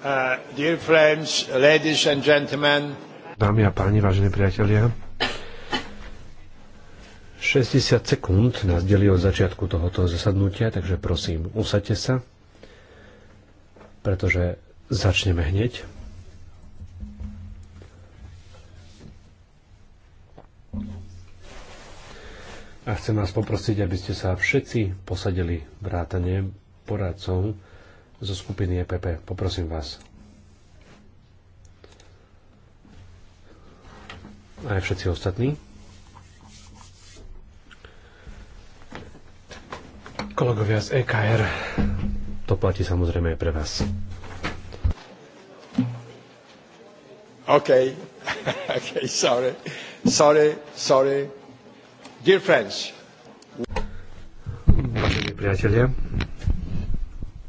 Uh, dear friends, ladies and gentlemen. Dámy a páni, vážení priatelia, 60 sekúnd nás delí od začiatku tohoto zasadnutia, takže prosím, usaďte sa, pretože začneme hneď. A chcem vás poprosiť, aby ste sa všetci posadili vrátane poradcov, zo skupiny EPP. Poprosím vás. Aj všetci ostatní. Kolegovia z EKR, to platí samozrejme aj pre vás. OK. OK, sorry. Sorry, sorry. Dear friends. Vážení priatelia,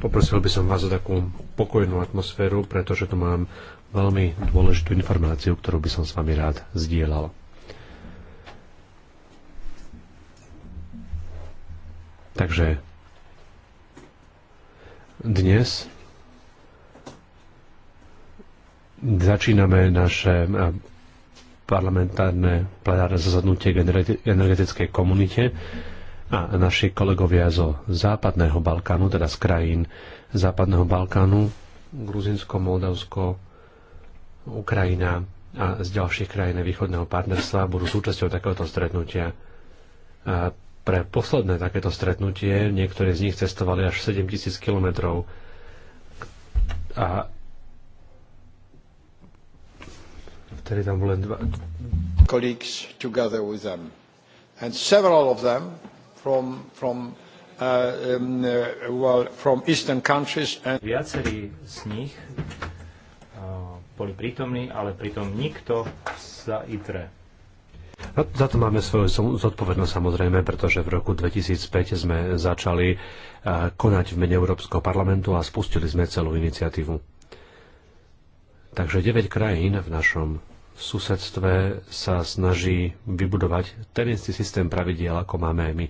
Poprosil by som vás o takú pokojnú atmosféru, pretože tu mám veľmi dôležitú informáciu, ktorú by som s vami rád zdieľal. Takže dnes začíname naše eh, parlamentárne plenárne zasadnutie k energetickej komunite a naši kolegovia zo Západného Balkánu, teda z krajín Západného Balkánu, Gruzinsko, Moldavsko, Ukrajina a z ďalších krajín východného partnerstva budú súčasťou takéhoto stretnutia. A pre posledné takéto stretnutie niektorí z nich cestovali až 7000 kilometrov a vtedy tam boli dva... Colleagues together with them. And several of them from, from, uh, um, uh, well, from eastern countries. And... Viacerí z nich uh, boli prítomní, ale pritom nikto za ITRE. No, za to máme svoju zodpovednosť samozrejme, pretože v roku 2005 sme začali uh, konať v mene Európskeho parlamentu a spustili sme celú iniciatívu. Takže 9 krajín v našom v susedstve sa snaží vybudovať ten istý systém pravidiel, ako máme my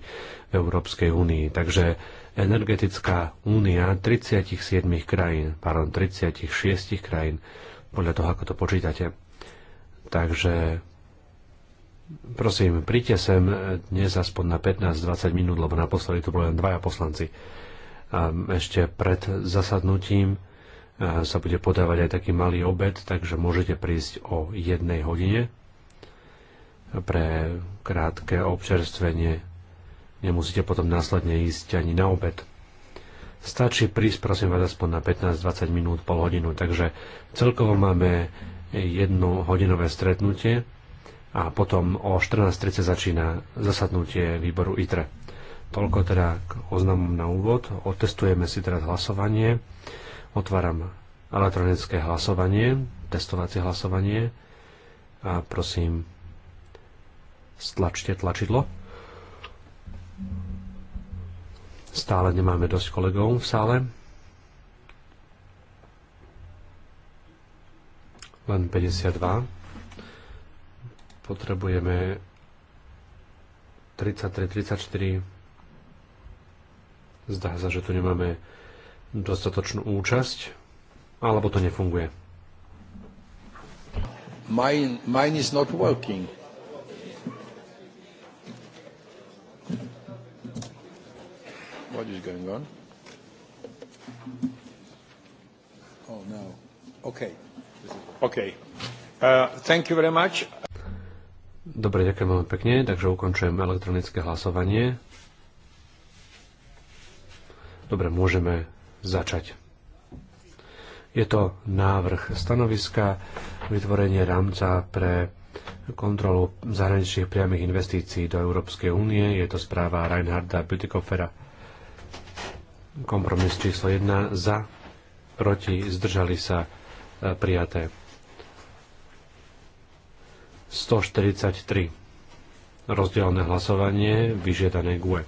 v Európskej únii. Takže energetická únia 37 krajín, pardon, 36 krajín, podľa toho, ako to počítate. Takže prosím, príďte sem dnes aspoň na 15-20 minút, lebo naposledy tu boli len dvaja poslanci. A ešte pred zasadnutím sa bude podávať aj taký malý obed, takže môžete prísť o jednej hodine pre krátke občerstvenie. Nemusíte potom následne ísť ani na obed. Stačí prísť, prosím vás, aspoň na 15-20 minút, pol hodinu. Takže celkovo máme jedno hodinové stretnutie a potom o 14.30 začína zasadnutie výboru ITRE. Toľko teda k oznamom na úvod. Otestujeme si teraz hlasovanie. Otváram elektronické hlasovanie, testovacie hlasovanie a prosím, stlačte tlačidlo. Stále nemáme dosť kolegov v sále. Len 52. Potrebujeme 33, 34. Zdá sa, že tu nemáme dostatočnú účasť, alebo to nefunguje. Mine, mine is not working. What is going on? Oh no. Okay. Okay. Uh, thank you very much. Dobre, ďakujem veľmi pekne, takže ukončujem elektronické hlasovanie. Dobre, môžeme začať. Je to návrh stanoviska vytvorenie rámca pre kontrolu zahraničných priamých investícií do Európskej únie. Je to správa Reinharda Bütikofera. Kompromis číslo 1 za, proti, zdržali sa e, prijaté. 143. Rozdielne hlasovanie vyžiadané GUE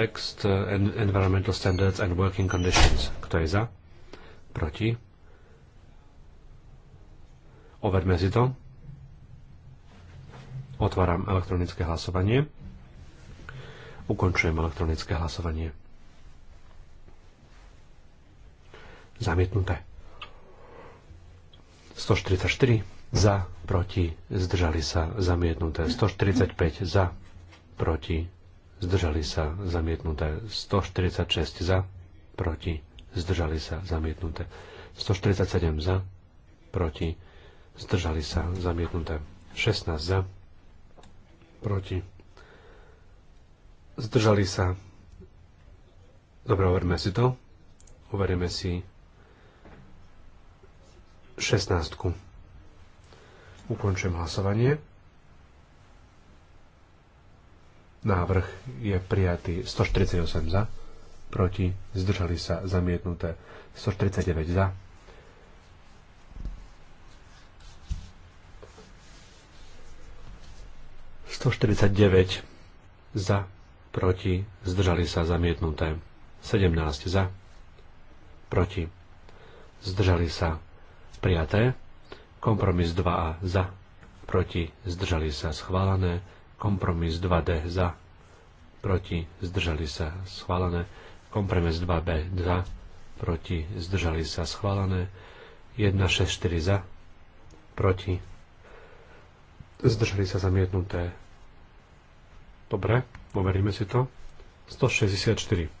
text eh, Environmental Standards and Working Conditions. Kto je za? Proti? Overme si to. Otváram elektronické hlasovanie. Ukončujem elektronické hlasovanie. Zamietnuté. 144 za, proti, zdržali sa, zamietnuté. 145 za, proti, zdržali sa zamietnuté 146 za, proti, zdržali sa zamietnuté 147 za, proti, zdržali sa zamietnuté 16 za, proti, zdržali sa. Dobre, overme si to. Overíme si 16. Ukončujem hlasovanie. Návrh je prijatý 148 za, proti, zdržali sa zamietnuté 149 za. ...149 za, proti, zdržali sa zamietnuté. 17 za, proti, zdržali sa prijaté. Kompromis 2a za, proti, zdržali sa schválené. Kompromis 2D za. Proti. Zdržali sa. Schválené. Kompromis 2B za. Proti. Zdržali sa. Schválené. 4 za. Proti. Zdržali sa zamietnuté. Dobre, overíme si to. 164.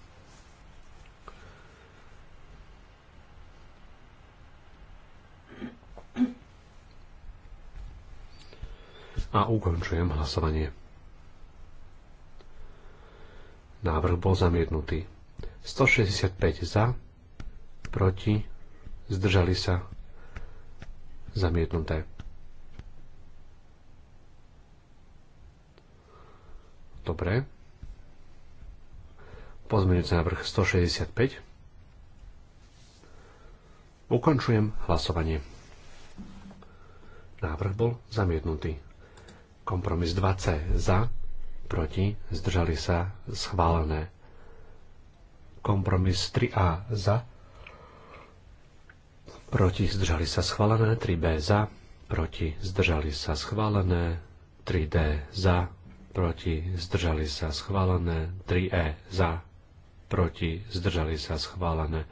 a ukončujem hlasovanie. Návrh bol zamietnutý. 165 za, proti, zdržali sa, zamietnuté. Dobre. Pozmeňujúci návrh 165. Ukončujem hlasovanie. Návrh bol zamietnutý. Kompromis 2C za, proti, zdržali sa, schválené. Kompromis 3A za, proti, zdržali sa, schválené. 3B za, proti, zdržali sa, schválené. 3D za, proti, zdržali sa, schválené. 3E za, proti, zdržali sa, schválené.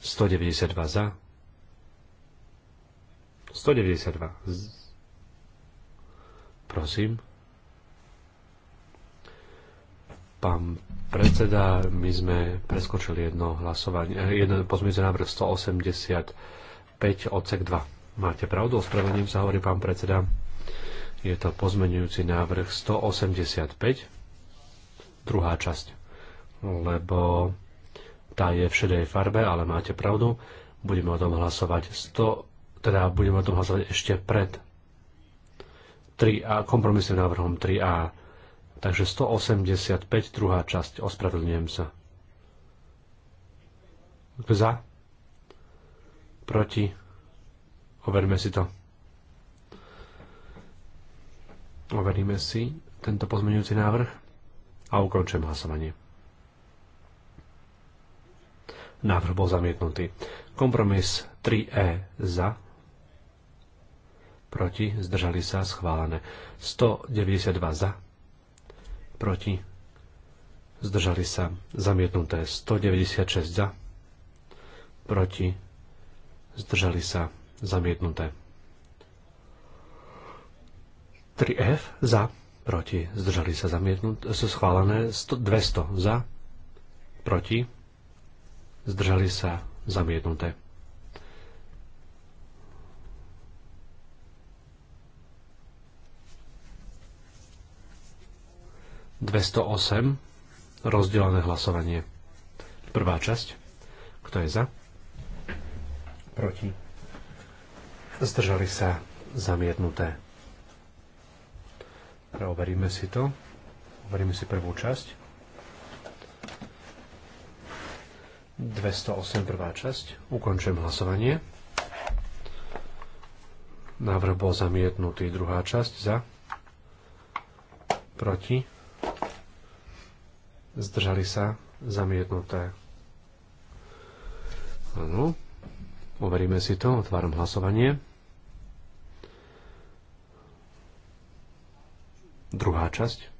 192 za, 192 Prosím. Pán predseda, my sme preskočili jedno hlasovanie, eh, jeden pozmienujúci návrh 185 odsek 2. Máte pravdu, ospravedlňujem sa hovorí pán predseda. Je to pozmenujúci návrh 185, druhá časť, lebo tá je v šedej farbe, ale máte pravdu, budeme o tom hlasovať 100, teda budeme o tom hlasovať ešte pred 3A, kompromisným návrhom 3A. Takže 185, druhá časť, ospravedlňujem sa. Za? Proti? Overme si to. Overíme si tento pozmeňujúci návrh a ukončím hlasovanie. Návrh bol zamietnutý. Kompromis 3E za proti, zdržali sa, schválené. 192 za, proti, zdržali sa, zamietnuté. 196 za, proti, zdržali sa, zamietnuté. 3F za, proti, zdržali sa zamietnuté, sú schválené 100, 200 za, proti, zdržali sa zamietnuté. 208, rozdelené hlasovanie. Prvá časť. Kto je za? Proti. Zdržali sa zamietnuté. Preoveríme si to. Overíme si prvú časť. 208 prvá časť. Ukončujem hlasovanie. Návrh bol zamietnutý. Druhá časť za. Proti zdržali sa, zamietnuté. Áno, overíme si to, otváram hlasovanie. Druhá časť.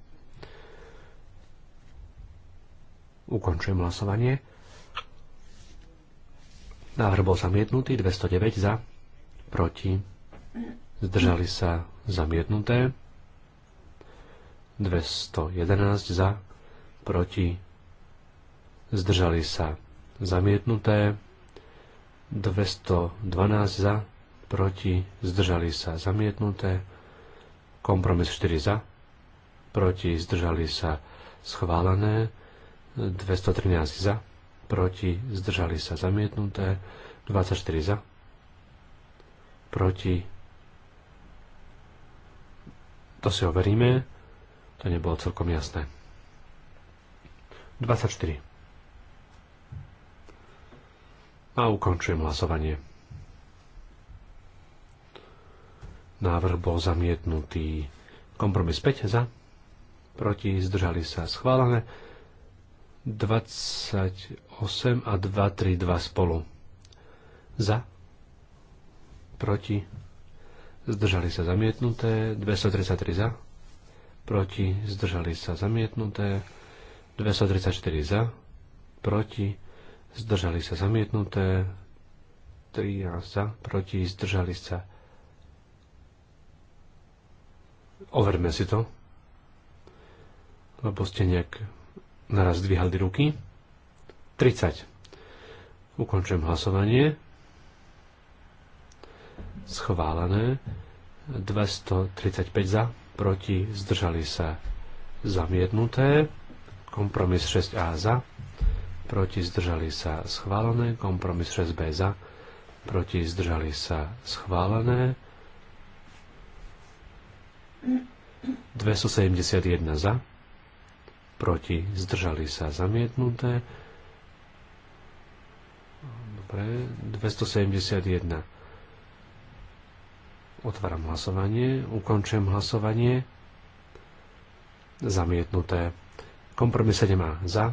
Ukončujem hlasovanie. Návrh bol zamietnutý, 209 za, proti, zdržali sa zamietnuté, 211 za, proti, zdržali sa zamietnuté, 212 za, proti, zdržali sa zamietnuté, kompromis 4 za, proti, zdržali sa schválené, 213 za, proti, zdržali sa zamietnuté, 24 za, proti, to si overíme, to nebolo celkom jasné. 24. A ukončujem hlasovanie. Návrh bol zamietnutý. Kompromis 5 za. Proti zdržali sa schválené. 28 a 232 spolu. Za. Proti. Zdržali sa zamietnuté. 233 za. Proti. Zdržali sa zamietnuté. 234 za, proti, zdržali sa zamietnuté, 3 za, proti, zdržali sa. Overme si to, lebo ste nejak naraz dvíhali ruky. 30. Ukončujem hlasovanie. Schválené. 235 za, proti, zdržali sa zamietnuté. Kompromis 6A za, proti zdržali sa schválené. Kompromis 6B za, proti zdržali sa schválené. 271 za, proti zdržali sa zamietnuté. Dobre, 271. Otváram hlasovanie, ukončujem hlasovanie. Zamietnuté. Kompromis 7 za,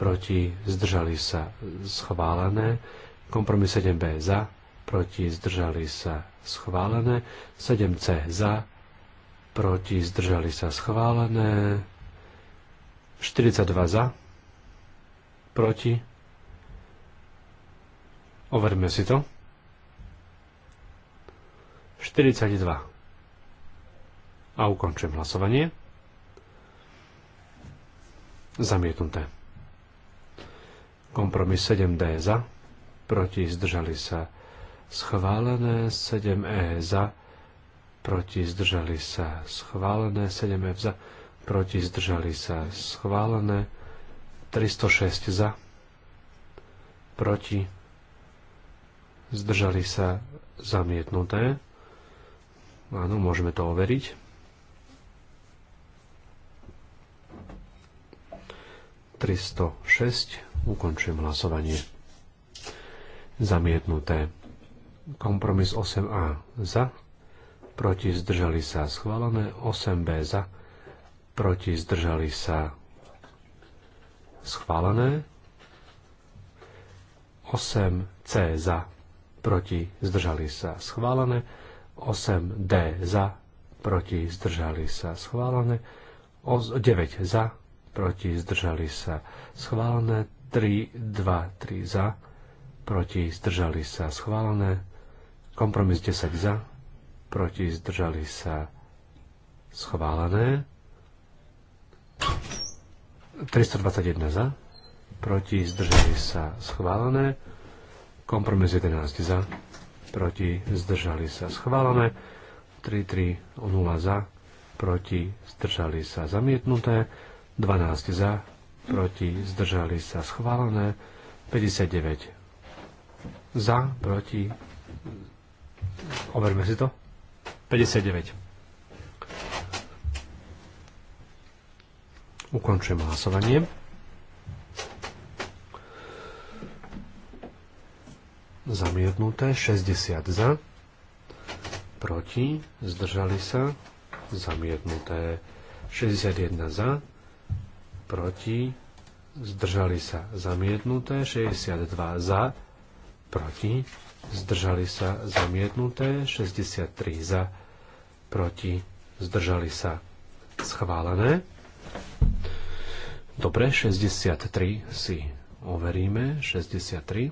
proti, zdržali sa schválené. Kompromis 7b za, proti, zdržali sa schválené. 7c za, proti, zdržali sa schválené. 42 za, proti. Overme si to. 42. A ukončím hlasovanie. Zamietnuté. Kompromis 7D za, proti zdržali sa. Schválené 7E za, proti zdržali sa. Schválené 7F za, proti zdržali sa. Schválené 306 za, proti zdržali sa zamietnuté. Áno, môžeme to overiť. 306. Ukončujem hlasovanie. Zamietnuté. Kompromis 8a za. Proti zdržali sa schválené. 8b za. Proti zdržali sa schválené. 8c za. Proti zdržali sa schválené. 8d za. Proti zdržali sa schválené. 9 za proti zdržali sa schválne 3, 2, 3 za, proti zdržali sa schválené, kompromis 10 za, proti zdržali sa schválené, 321 za, proti zdržali sa schválené, kompromis 11 za, proti zdržali sa schválené, 3, 3, 0 za, proti zdržali sa zamietnuté, 12 za, proti, zdržali sa schválené, 59 za, proti, overme si to, 59. Ukončujem hlasovanie. Zamietnuté 60 za, proti, zdržali sa, zamietnuté 61 za, proti, zdržali sa zamietnuté, 62 za, proti, zdržali sa zamietnuté, 63 za, proti, zdržali sa schválené. Dobre, 63 si overíme, 63.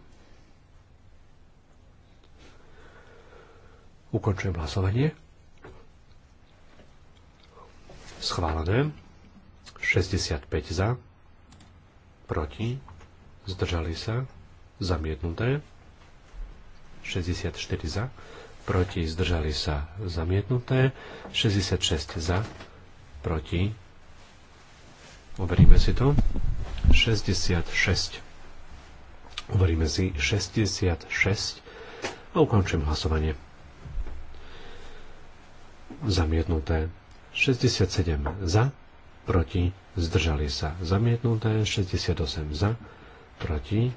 Ukončujem hlasovanie. Schválené. 65 za, proti, zdržali sa, zamietnuté. 64 za, proti, zdržali sa, zamietnuté. 66 za, proti, overíme si to. 66. Overíme si 66 a ukončím hlasovanie. Zamietnuté. 67 za, proti, zdržali sa. Zamietnuté 68 za, proti,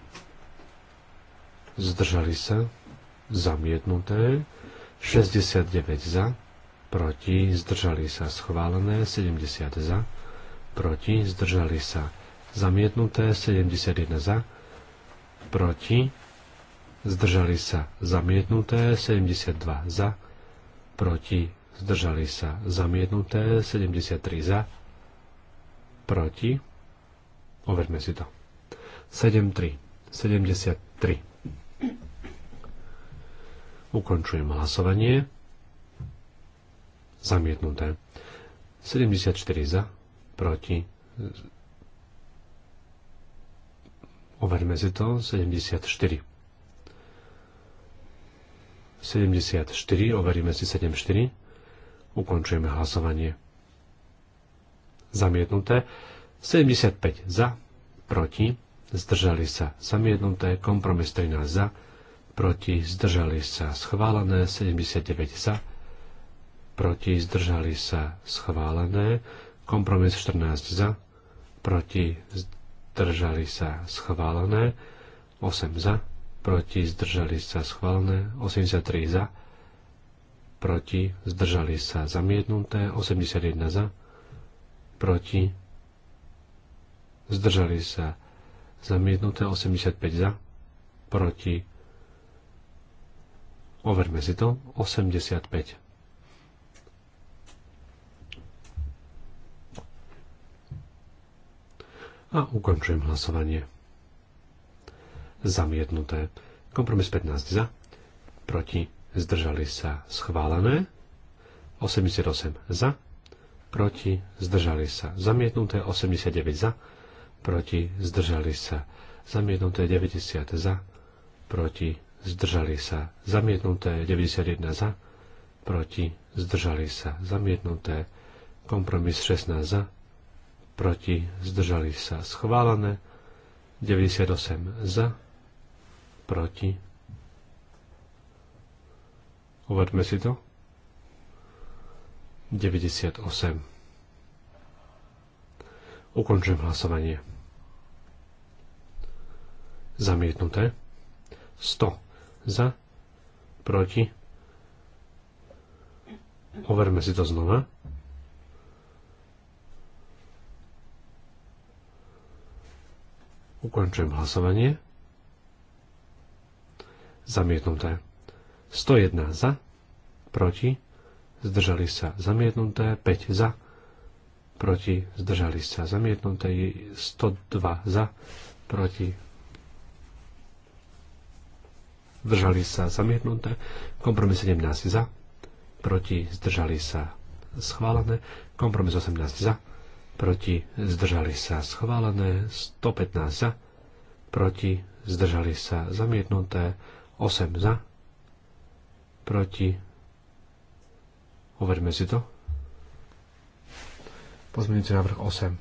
zdržali sa. Zamietnuté 69 za, proti, zdržali sa. Schválené 70 za, proti, zdržali sa. Zamietnuté 71 za, proti, zdržali sa. Zamietnuté 72 za, proti, zdržali sa. Zamietnuté 73 za, proti, overme si to. 7-3, 73. Ukončujem hlasovanie. Zamietnuté. 74 za, proti. Overme si to. 74. 74, overíme si 74. Ukončujeme hlasovanie zamietnuté, 75 za, proti, zdržali sa zamietnuté, kompromis 13 za, proti, zdržali sa schválené, 79 za, proti, zdržali sa schválené, kompromis 14 za, proti, zdržali sa schválené, 8 za, proti, zdržali sa schválené, 83 za, proti, zdržali sa zamietnuté, 81 za, proti, zdržali sa zamietnuté 85 za, proti, overme si to, 85. A ukončujem hlasovanie. Zamietnuté. Kompromis 15 za, proti, zdržali sa schválené, 88 za, proti, zdržali sa. Zamietnuté 89 za, proti, zdržali sa. Zamietnuté 90 za, proti, zdržali sa. Zamietnuté 91 za, proti, zdržali sa. Zamietnuté kompromis 16 za, proti, zdržali sa. Schválené 98 za, proti. Uvedme si to. 98. Ukončujem hlasovanie. Zamietnuté. 100 za, proti. Overme si to znova. Ukončujem hlasovanie. Zamietnuté. 101 za, proti zdržali sa zamietnuté, 5 za, proti, zdržali sa zamietnuté, 102 za, proti, zdržali sa zamietnuté, kompromis 17 za, proti, zdržali sa schválené, kompromis 18 za, proti, zdržali sa schválené, 115 za, proti, zdržali sa zamietnuté, 8 za, proti, Overme si to. Pozmeňujúci návrh 8.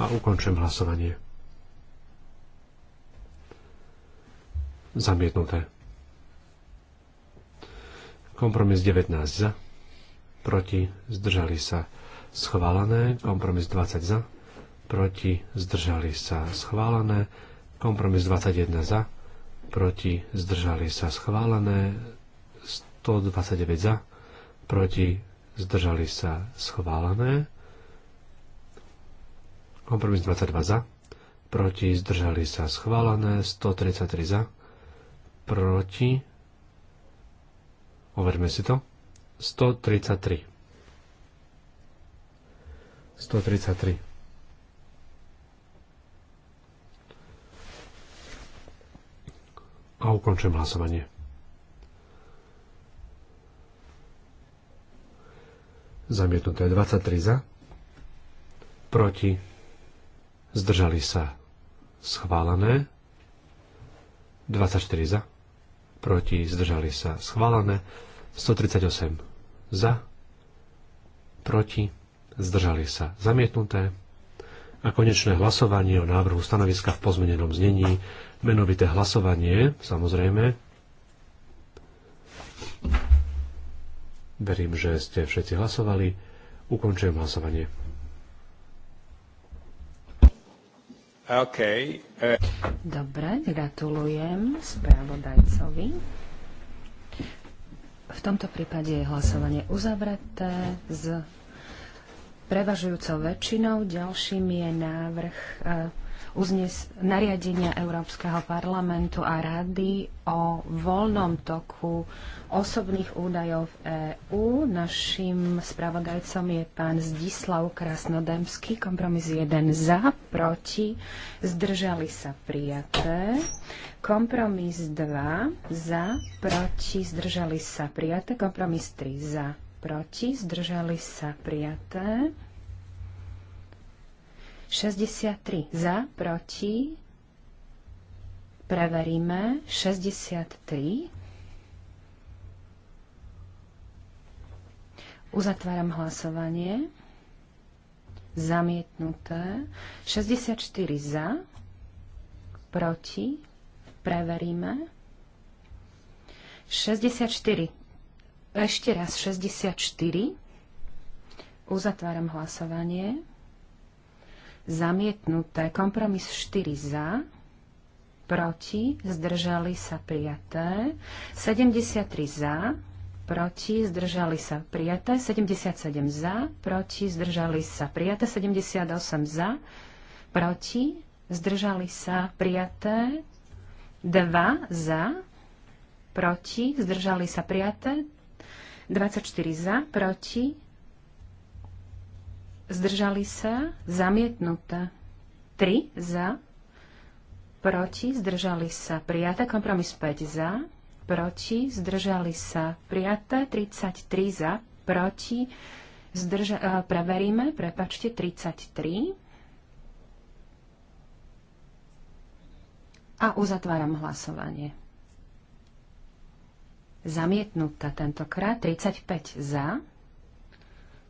A ukončujem hlasovanie. Zamietnuté. Kompromis 19 za. Proti. Zdržali sa. Schválené. Kompromis 20 za. Proti. Zdržali sa. Schválené. Kompromis 21 za proti zdržali sa schválené, 129 za, proti zdržali sa schválené, kompromis 22 za, proti zdržali sa schválené, 133 za, proti, overme si to, 133. 133. a ukončím hlasovanie. Zamietnuté 23 za, proti, zdržali sa schválené, 24 za, proti, zdržali sa schválené, 138 za, proti, zdržali sa zamietnuté, a konečné hlasovanie o návrhu stanoviska v pozmenenom znení, menovité hlasovanie, samozrejme. Verím, že ste všetci hlasovali. Ukončujem hlasovanie. OK. E- Dobre, gratulujem správodajcovi. V tomto prípade je hlasovanie uzavreté s prevažujúcou väčšinou. Ďalším je návrh eh, uznes- nariadenia Európskeho parlamentu a rady o voľnom toku osobných údajov v EÚ. Našim spravodajcom je pán Zdislav Krasnodemský. Kompromis 1 za, proti, zdržali sa prijaté. Kompromis 2 za, proti, zdržali sa prijaté. Kompromis 3 za, proti, zdržali sa prijaté. 63 za, proti, preveríme, 63. Uzatváram hlasovanie. Zamietnuté. 64 za, proti, preveríme. 64 ešte raz 64. Uzatváram hlasovanie. Zamietnuté. Kompromis 4 za. Proti. Zdržali sa prijaté. 73 za. Proti. Zdržali sa prijaté. 77 za. Proti. Zdržali sa prijaté. 78 za. Proti. Zdržali sa prijaté. 2 za. Proti. Zdržali sa prijaté. 24 za, proti, zdržali sa, zamietnuté. 3 za, proti, zdržali sa, prijaté. Kompromis 5 za, proti, zdržali sa, prijaté. 33 za, proti, zdrža- e, preveríme, prepačte, 33. A uzatváram hlasovanie. Zamietnutá tentokrát. 35 za.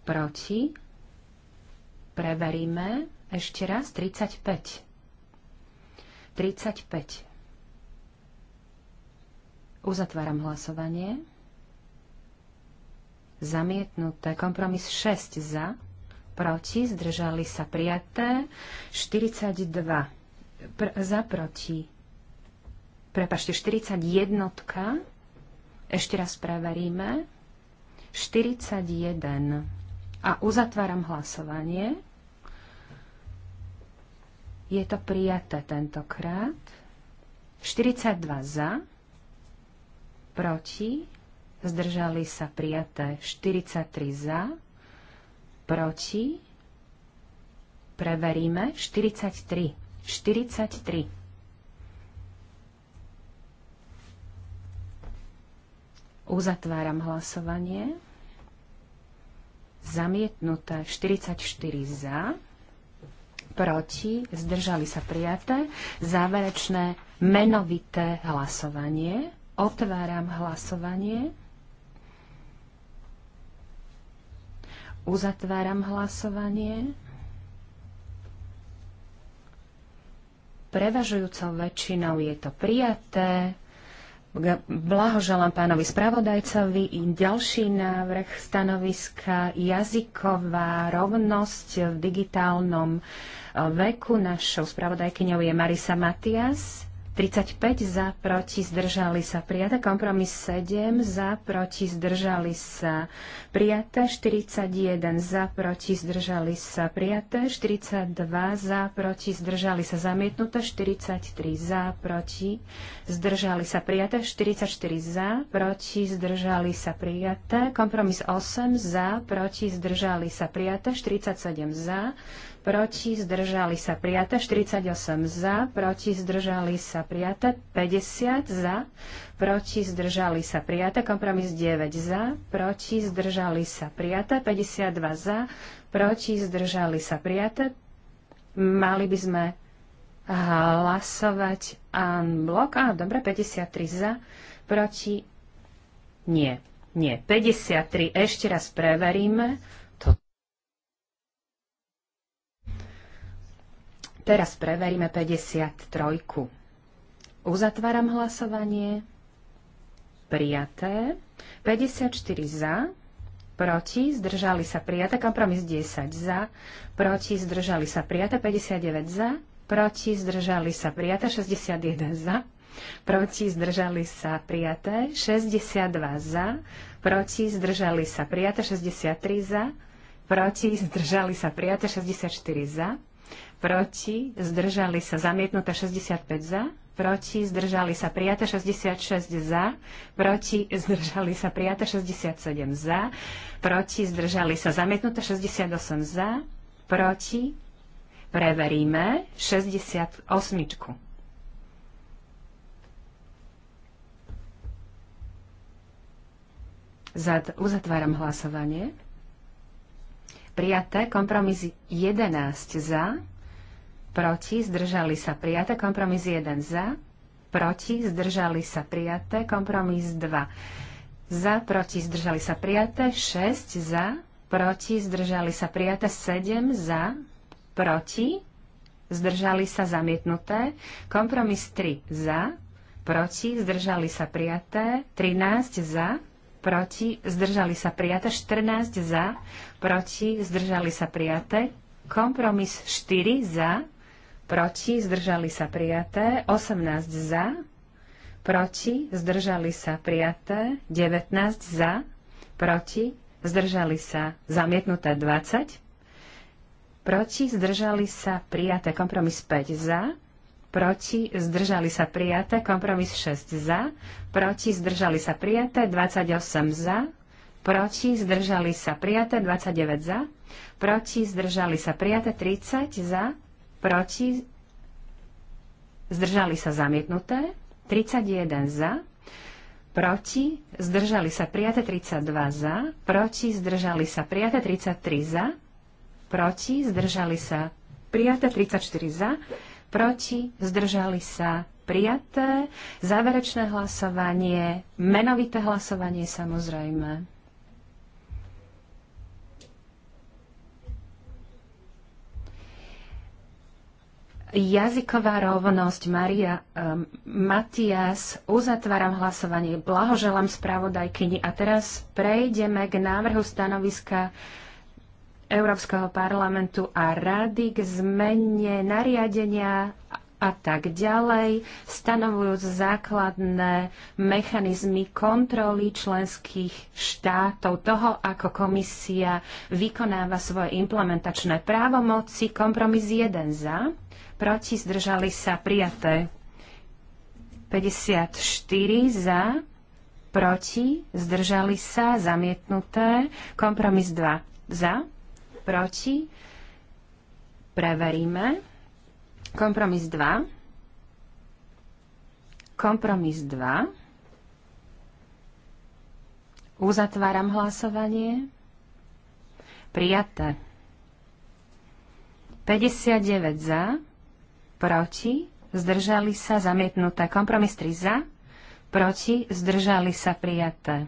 Proti. Preveríme. Ešte raz. 35. 35. Uzatváram hlasovanie. Zamietnuté. Kompromis 6 za. Proti. Zdržali sa prijaté. 42. Pr- za proti. Prepašte, 41 ešte raz preveríme. 41. A uzatváram hlasovanie. Je to prijaté tentokrát. 42 za, proti, zdržali sa prijaté 43 za, proti, preveríme 43. 43. Uzatváram hlasovanie. Zamietnuté 44 za, proti, zdržali sa prijaté. Záverečné menovité hlasovanie. Otváram hlasovanie. Uzatváram hlasovanie. Prevažujúcou väčšinou je to prijaté. Blahoželám pánovi spravodajcovi. I ďalší návrh stanoviska jazyková rovnosť v digitálnom eh, veku. Našou spravodajkyňou je Marisa Matias. 35 za, proti, zdržali sa. prijaté. kompromis 7 za, proti, zdržali sa. prijaté. 41 za, proti, zdržali sa. prijaté, 42 za, proti, zdržali sa. Zamietnuté 43 za, proti, zdržali sa. prijaté, 44 za, proti, zdržali sa. prijaté, kompromis 8 za, proti, zdržali sa. prijaté, 47 za, proti, zdržali sa prijaté, 48 za, proti, zdržali sa prijaté, 50 za, proti, zdržali sa prijaté, kompromis 9 za, proti, zdržali sa prijaté, 52 za, proti, zdržali sa prijaté. Mali by sme hlasovať blok. Áno, dobre, 53 za, proti, nie, nie, 53, ešte raz preveríme. Teraz preveríme 53. Uzatváram hlasovanie. Prijaté. 54 za, proti, zdržali sa prijaté. Kompromis 10 za, proti, zdržali sa prijaté. 59 za, proti, zdržali sa prijaté. 61 za, proti zdržali sa prijaté, 62 za, proti zdržali sa prijaté, 63 za, proti zdržali sa prijaté, 64 za, proti, zdržali sa zamietnuté 65 za, proti, zdržali sa prijaté 66 za, proti, zdržali sa prijaté 67 za, proti, zdržali sa zamietnuté 68 za, proti, preveríme 68. Zad, uzatváram hlasovanie. Prijaté kompromis 11 za, proti, zdržali sa prijaté, kompromis 1 za, proti, zdržali sa prijaté, kompromis 2 za, proti, zdržali sa prijaté, 6 za, proti, zdržali sa prijaté, 7 za, proti, zdržali sa zamietnuté, kompromis 3 za, proti, zdržali sa prijaté, 13 za, proti, zdržali sa prijaté, 14 za, proti, zdržali sa prijaté, kompromis 4 za, proti, zdržali sa prijaté, 18 za, proti, zdržali sa prijaté, 19 za, proti, zdržali sa zamietnuté 20, proti, zdržali sa prijaté, kompromis 5 za, proti, zdržali sa prijaté, kompromis 6 za, proti, zdržali sa prijaté, 28 za, proti, zdržali sa prijaté, 29 za, proti, zdržali sa prijaté, 30 za, proti, zdržali sa zamietnuté, 31 za, proti, zdržali sa prijaté 32 za, proti, zdržali sa prijaté 33 za, proti, zdržali sa prijaté 34 za, proti, zdržali sa prijaté, záverečné hlasovanie, menovité hlasovanie samozrejme. Jazyková rovnosť Maria um, Matias. Uzatváram hlasovanie. Blahoželám spravodajkyni. A teraz prejdeme k návrhu stanoviska Európskeho parlamentu a rady k zmene nariadenia a tak ďalej, stanovujúc základné mechanizmy kontroly členských štátov toho, ako komisia vykonáva svoje implementačné právomoci. Kompromis 1 za proti, zdržali sa prijaté. 54 za, proti, zdržali sa, zamietnuté. Kompromis 2 za, proti, preveríme. Kompromis 2. Kompromis 2. Uzatváram hlasovanie. Prijaté. 59 za, proti, zdržali sa zamietnuté. Kompromis 3 za, proti, zdržali sa prijaté.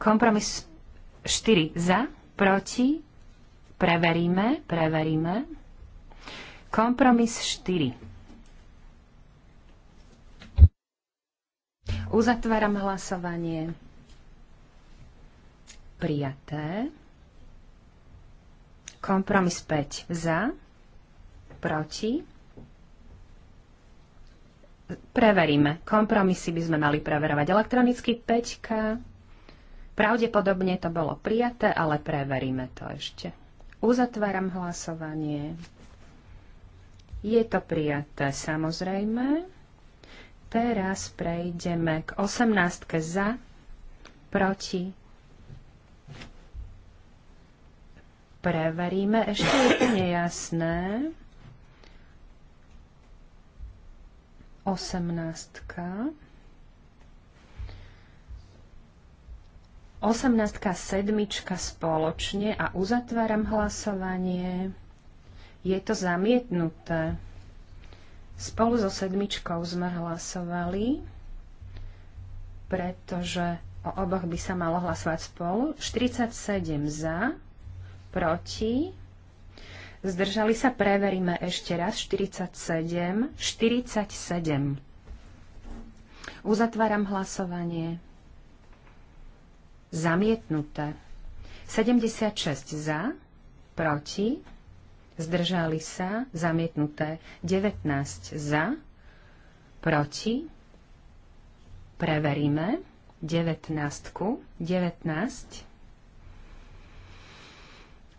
Kompromis 4 za, proti, preveríme, preveríme. Kompromis 4. Uzatváram hlasovanie. Prijaté. Kompromis 5 za, proti. Preveríme. Kompromisy by sme mali preverovať elektronicky. pečka. Pravdepodobne to bolo prijaté, ale preveríme to ešte. Uzatváram hlasovanie. Je to prijaté, samozrejme. Teraz prejdeme k 18. za, proti. Preveríme, ešte je to nejasné. osemnáctka. Osemnástka sedmička spoločne a uzatváram hlasovanie. Je to zamietnuté. Spolu so sedmičkou sme hlasovali, pretože o oboch by sa malo hlasovať spolu. 47 za, proti, Zdržali sa, preveríme ešte raz. 47. 47. Uzatváram hlasovanie. Zamietnuté. 76 za, proti, zdržali sa, zamietnuté. 19 za, proti, preveríme. 19. 19.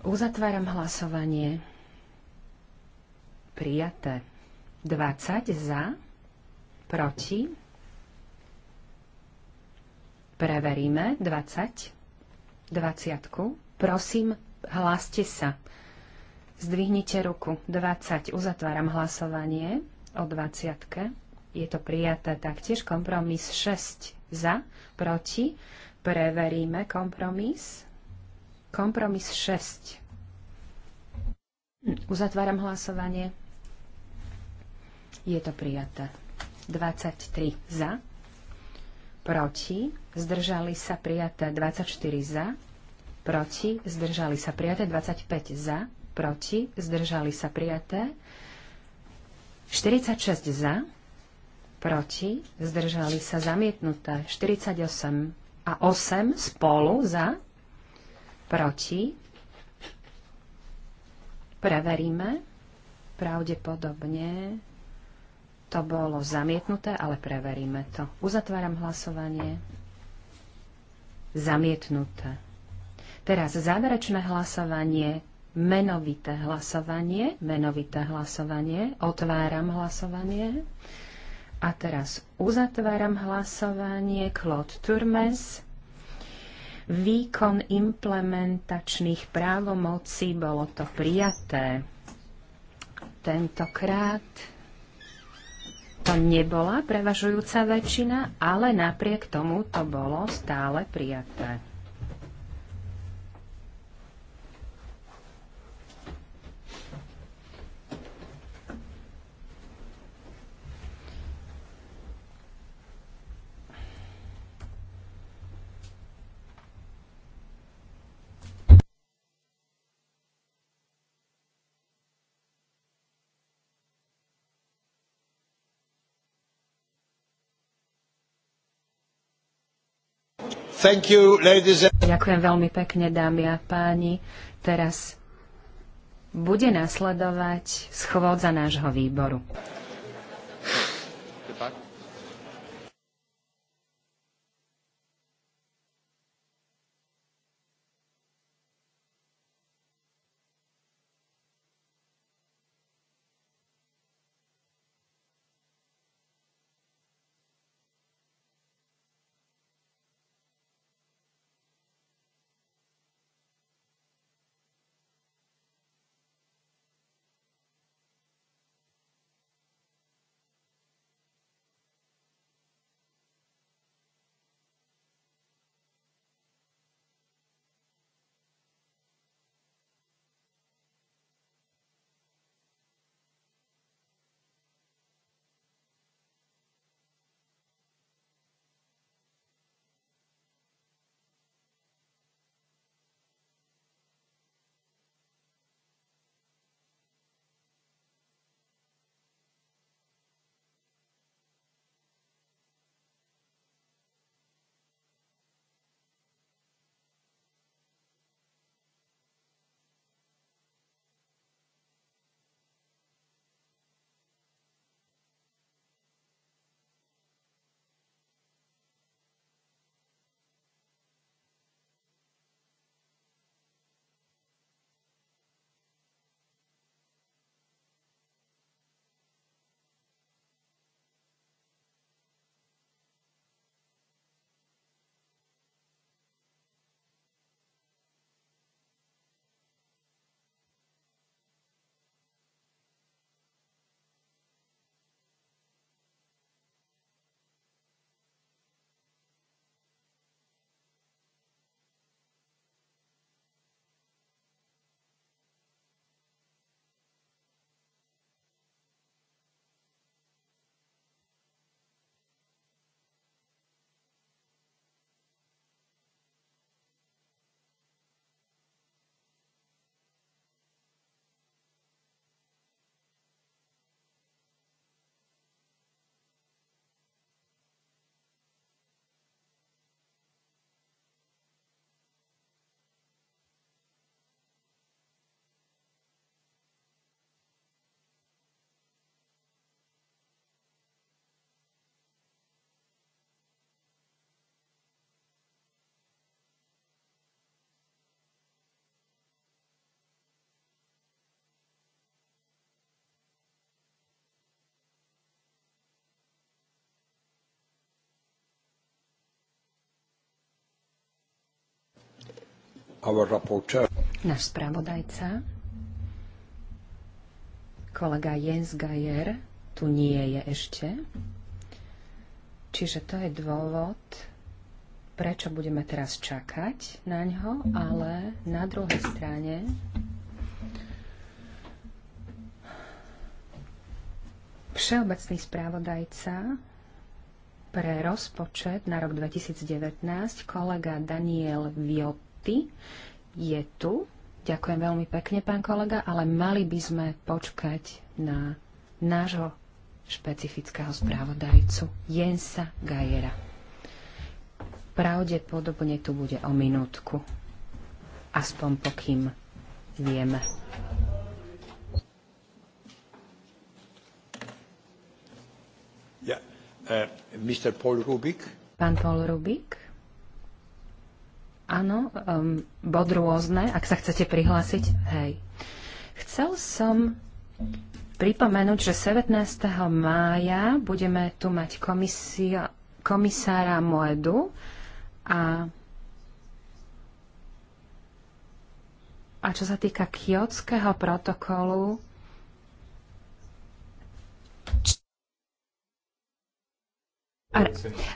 Uzatváram hlasovanie prijaté. 20 za, proti. Preveríme 20. 20. Prosím, hláste sa. Zdvihnite ruku. 20. Uzatváram hlasovanie o 20. Je to prijaté taktiež. Kompromis 6 za, proti. Preveríme kompromis. Kompromis 6. Uzatváram hlasovanie. Je to prijaté. 23 za. Proti. Zdržali sa prijaté 24 za. Proti. Zdržali sa prijaté 25 za. Proti. Zdržali sa prijaté 46 za. Proti. Zdržali sa zamietnuté 48 a 8 spolu za. Proti. Preveríme. Pravdepodobne to bolo zamietnuté, ale preveríme to. Uzatváram hlasovanie. Zamietnuté. Teraz záverečné hlasovanie, menovité hlasovanie, menovité hlasovanie, otváram hlasovanie. A teraz uzatváram hlasovanie. Claude Turmes. Výkon implementačných právomocí bolo to prijaté. Tentokrát to nebola prevažujúca väčšina, ale napriek tomu to bolo stále prijaté. You, Ďakujem veľmi pekne, dámy a páni. Teraz bude nasledovať schôdza nášho výboru. Náš spravodajca, kolega Jens Gajer, tu nie je ešte. Čiže to je dôvod, prečo budeme teraz čakať na ňo, ale na druhej strane všeobecný správodajca pre rozpočet na rok 2019 kolega Daniel Viot fakty je tu. Ďakujem veľmi pekne, pán kolega, ale mali by sme počkať na nášho špecifického správodajcu Jensa Gajera. Pravdepodobne tu bude o minútku. Aspoň pokým vieme. Ja, uh, eh, Mr. Paul Rubik. Pán Paul Rubik. Áno, um, bod rôzne, ak sa chcete prihlásiť, hej. Chcel som pripomenúť, že 17. mája budeme tu mať komisia, komisára Moedu a a čo sa týka kiotského protokolu,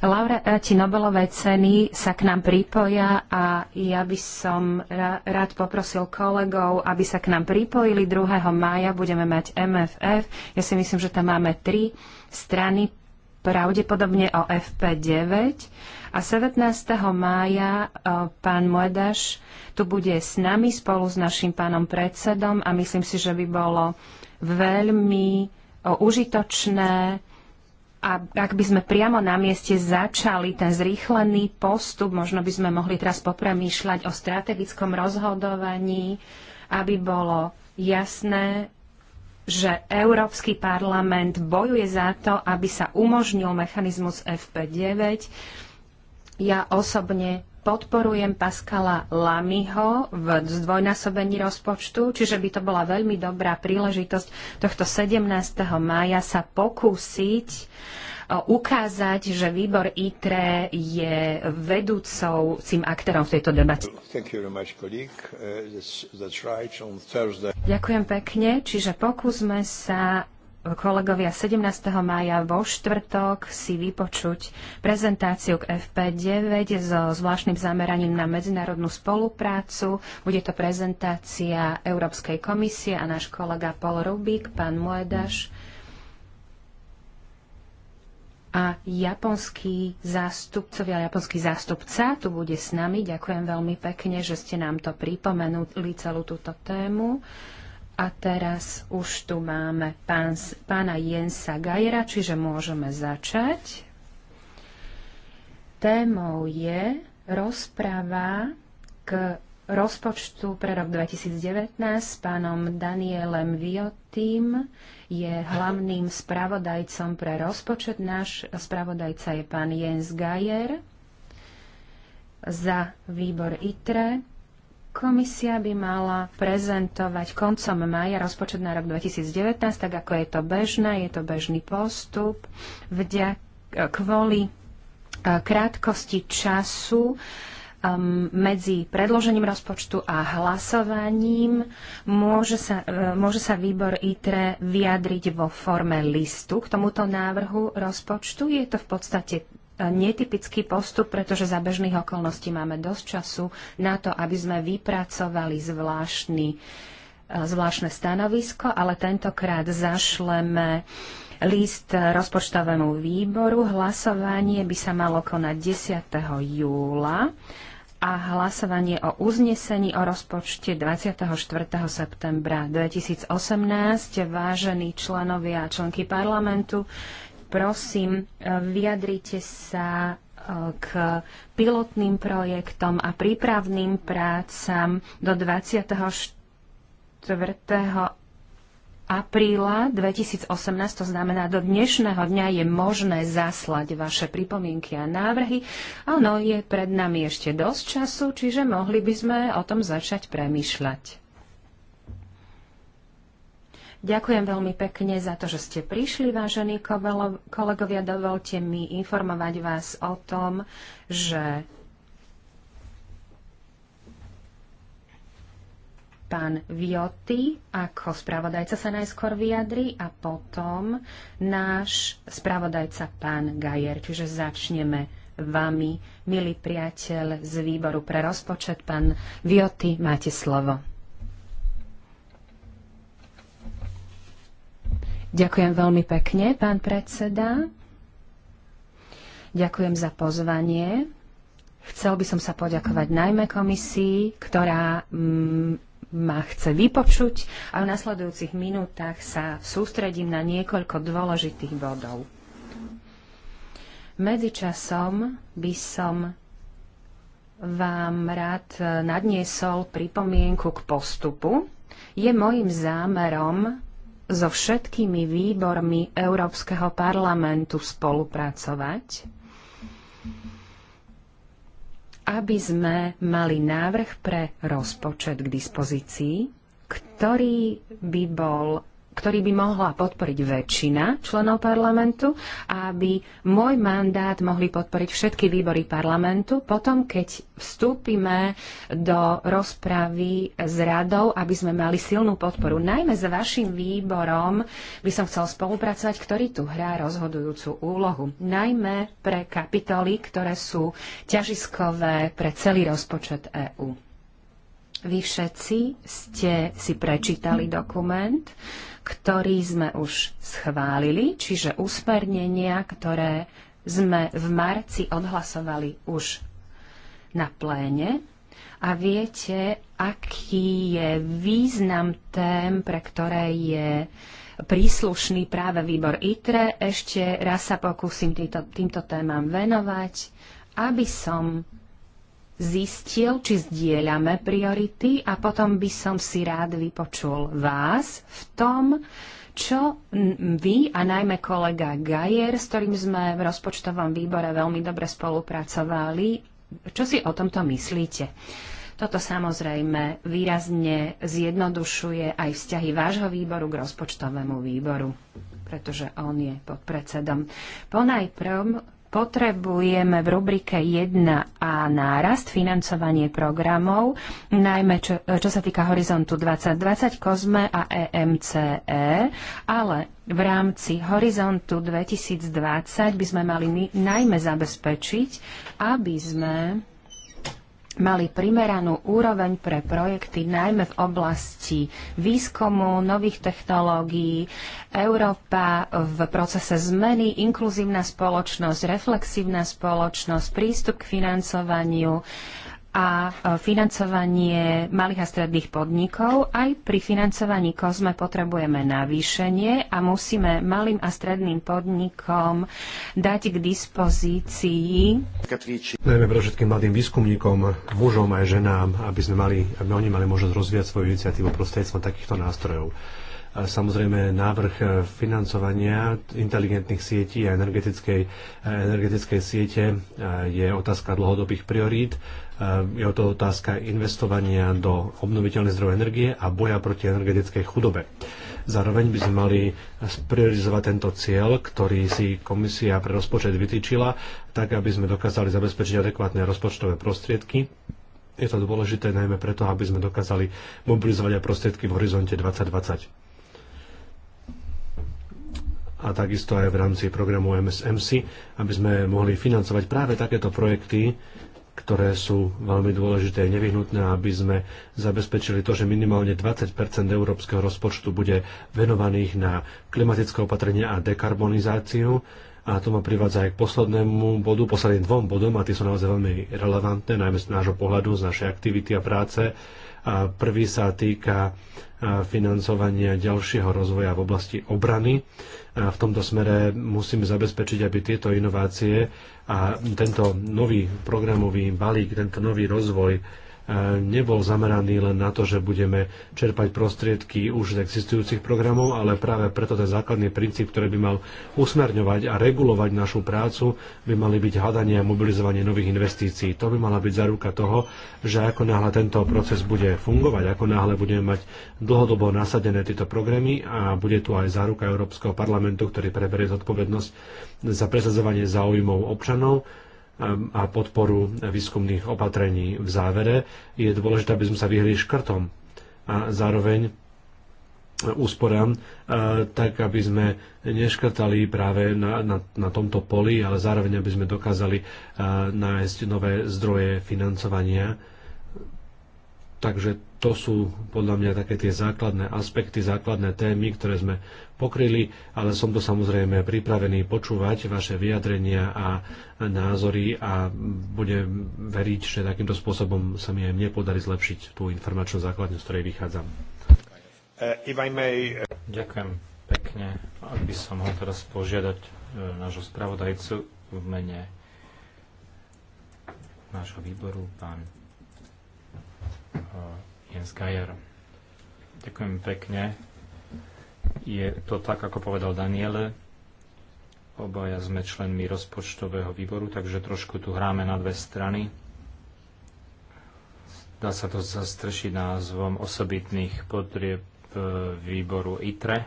Laureáti eh, Nobelovej ceny sa k nám pripoja a ja by som rád poprosil kolegov, aby sa k nám pripojili. 2. mája budeme mať MFF. Ja si myslím, že tam máme tri strany, pravdepodobne o FP9. A 17. mája eh, pán Moedaš tu bude s nami spolu s našim pánom predsedom a myslím si, že by bolo veľmi eh, užitočné a ak by sme priamo na mieste začali ten zrýchlený postup, možno by sme mohli teraz popremýšľať o strategickom rozhodovaní, aby bolo jasné, že Európsky parlament bojuje za to, aby sa umožnil mechanizmus FP9. Ja osobne podporujem Paskala Lamiho v zdvojnásobení rozpočtu, čiže by to bola veľmi dobrá príležitosť tohto 17. mája sa pokúsiť e, ukázať, že výbor ITRE je vedúcou tým aktérom v tejto debate. Uh, Ďakujem pekne, čiže pokúsme sa kolegovia 17. mája vo štvrtok si vypočuť prezentáciu k FP9 so zvláštnym zameraním na medzinárodnú spoluprácu. Bude to prezentácia Európskej komisie a náš kolega Paul Rubik, pán Moedaš a japonský zástupcovia, japonský zástupca tu bude s nami. Ďakujem veľmi pekne, že ste nám to pripomenuli celú túto tému. A teraz už tu máme pán, pána Jensa Gajera, čiže môžeme začať. Témou je rozprava k rozpočtu pre rok 2019 s pánom Danielem Viotým. Je hlavným spravodajcom pre rozpočet. Náš spravodajca je pán Jens Gajer za výbor ITRE. Komisia by mala prezentovať koncom maja rozpočet na rok 2019, tak ako je to bežné, je to bežný postup, Vďa, e, kvôli e, krátkosti času um, medzi predložením rozpočtu a hlasovaním môže sa, e, môže sa výbor ITRE vyjadriť vo forme listu k tomuto návrhu rozpočtu. Je to v podstate E, netypický postup, pretože za bežných okolností máme dosť času na to, aby sme vypracovali zvláštny, e, zvláštne stanovisko, ale tentokrát zašleme list rozpočtovému výboru. Hlasovanie by sa malo konať 10. júla a hlasovanie o uznesení o rozpočte 24. septembra 2018. Vážení členovia a členky parlamentu, prosím, e, vyjadrite sa e, k pilotným projektom a prípravným prácam do 24. apríla 2018, to znamená do dnešného dňa je možné zaslať vaše pripomienky a návrhy. Áno, je pred nami ešte dosť času, čiže mohli by sme o tom začať premýšľať. Ďakujem veľmi pekne za to, že ste prišli, vážení kolegovia. Dovolte mi informovať vás o tom, že pán Vioty ako spravodajca sa najskôr vyjadri a potom náš spravodajca pán Gajer. Čiže začneme vami, milý priateľ z výboru pre rozpočet. Pán Vioty, máte slovo. Ďakujem veľmi pekne, pán predseda. Ďakujem za pozvanie. Chcel by som sa poďakovať najmä komisii, ktorá mm, ma chce vypočuť a v nasledujúcich minútach sa sústredím na niekoľko dôležitých bodov. Medzičasom by som vám rád nadniesol pripomienku k postupu. Je môjim zámerom so všetkými výbormi Európskeho parlamentu spolupracovať, aby sme mali návrh pre rozpočet k dispozícii, ktorý by bol ktorý by mohla podporiť väčšina členov parlamentu a aby môj mandát mohli podporiť všetky výbory parlamentu potom, keď vstúpime do rozpravy s radou, aby sme mali silnú podporu. Najmä s vašim výborom by som chcel spolupracovať, ktorý tu hrá rozhodujúcu úlohu. Najmä pre kapitoly, ktoré sú ťažiskové pre celý rozpočet EÚ. Vy všetci ste si prečítali dokument, ktorý sme už schválili, čiže usmernenia, ktoré sme v marci odhlasovali už na pléne. A viete, aký je význam tém, pre ktoré je príslušný práve výbor ITRE. Ešte raz sa pokúsim týmto, týmto témam venovať, aby som zistil, či zdieľame priority a potom by som si rád vypočul vás v tom, čo vy a najmä kolega Gajer, s ktorým sme v rozpočtovom výbore veľmi dobre spolupracovali, čo si o tomto myslíte? Toto samozrejme výrazne zjednodušuje aj vzťahy vášho výboru k rozpočtovému výboru, pretože on je podpredsedom. Ponajprv potrebujeme v rubrike 1a nárast financovanie programov, najmä čo, čo sa týka Horizontu 2020, COSME a EMCE, e, ale v rámci Horizontu 2020 by sme mali najmä zabezpečiť, aby sme mali primeranú úroveň pre projekty najmä v oblasti výskumu, nových technológií, Európa v procese zmeny, inkluzívna spoločnosť, reflexívna spoločnosť, prístup k financovaniu, a e, financovanie malých a stredných podnikov. Aj pri financovaní COSME potrebujeme navýšenie a musíme malým a stredným podnikom dať k dispozícii najmä pre všetkým mladým výskumníkom, mužom aj ženám, aby, sme mali, aby oni mali možnosť rozvíjať svoju iniciatívu prostredstvom takýchto nástrojov. A samozrejme návrh e, financovania inteligentných sietí a energetickej, e, energetickej siete je otázka dlhodobých priorít Ehm, je to otázka investovania do obnoviteľnej zdrojov energie a boja proti energetickej chudobe. Zároveň by sme mali spriorizovať tento cieľ, ktorý si komisia pre rozpočet vytýčila, tak aby sme dokázali zabezpečiť adekvátne rozpočtové prostriedky. Je to dôležité najmä preto, aby sme dokázali mobilizovať aj prostriedky v horizonte 2020. A takisto aj v rámci programu MSMC, aby sme mohli financovať práve takéto projekty, ktoré sú veľmi dôležité a nevyhnutné, aby sme zabezpečili to, že minimálne 20 európskeho rozpočtu bude venovaných na klimatické opatrenia a dekarbonizáciu. A to ma privádza aj k poslednému bodu, posledným dvom bodom, a tie sú naozaj veľmi relevantné, najmä z nášho pohľadu, z našej aktivity a práce Prvý sa týka financovania ďalšieho rozvoja v oblasti obrany. A v tomto smere musíme zabezpečiť, aby tieto inovácie a tento nový programový balík, tento nový rozvoj E, nebol zameraný len na to, že budeme čerpať prostriedky už z existujúcich programov, ale práve preto ten základný princíp, ktorý by mal usmerňovať a regulovať našu prácu, by mali byť hľadanie a mobilizovanie nových investícií. To by mala byť záruka toho, že ako náhle tento proces bude fungovať, ako náhle budeme mať dlhodobo nasadené tieto programy a bude tu aj záruka Európskeho parlamentu, ktorý preberie zodpovednosť za presadzovanie záujmov občanov, a podporu výskumných opatrení. V závere je dôležité, aby sme sa vyhli škrtom a zároveň úsporám, e, tak aby sme neškrtali práve na, na, na tomto poli, ale zároveň aby sme dokázali e, nájsť nové zdroje financovania. Takže to sú podľa mňa také tie základné aspekty, základné témy, ktoré sme pokryli, ale som to samozrejme pripravený počúvať vaše vyjadrenia a názory a budem veriť, že takýmto spôsobom sa mi aj mne podarí zlepšiť tú informačnú základňu, z ktorej vychádzam. Uh, may... Uh, Ďakujem pekne. Ak by som mohol teraz požiadať uh, nášho spravodajcu v mene nášho výboru, pán Jens Gajer. Ďakujem pekne je to tak, ako povedal Daniele. Obaja sme členmi rozpočtového výboru, takže trošku tu hráme na dve strany. Dá sa to zastrešiť názvom osobitných potrieb e, výboru ITRE.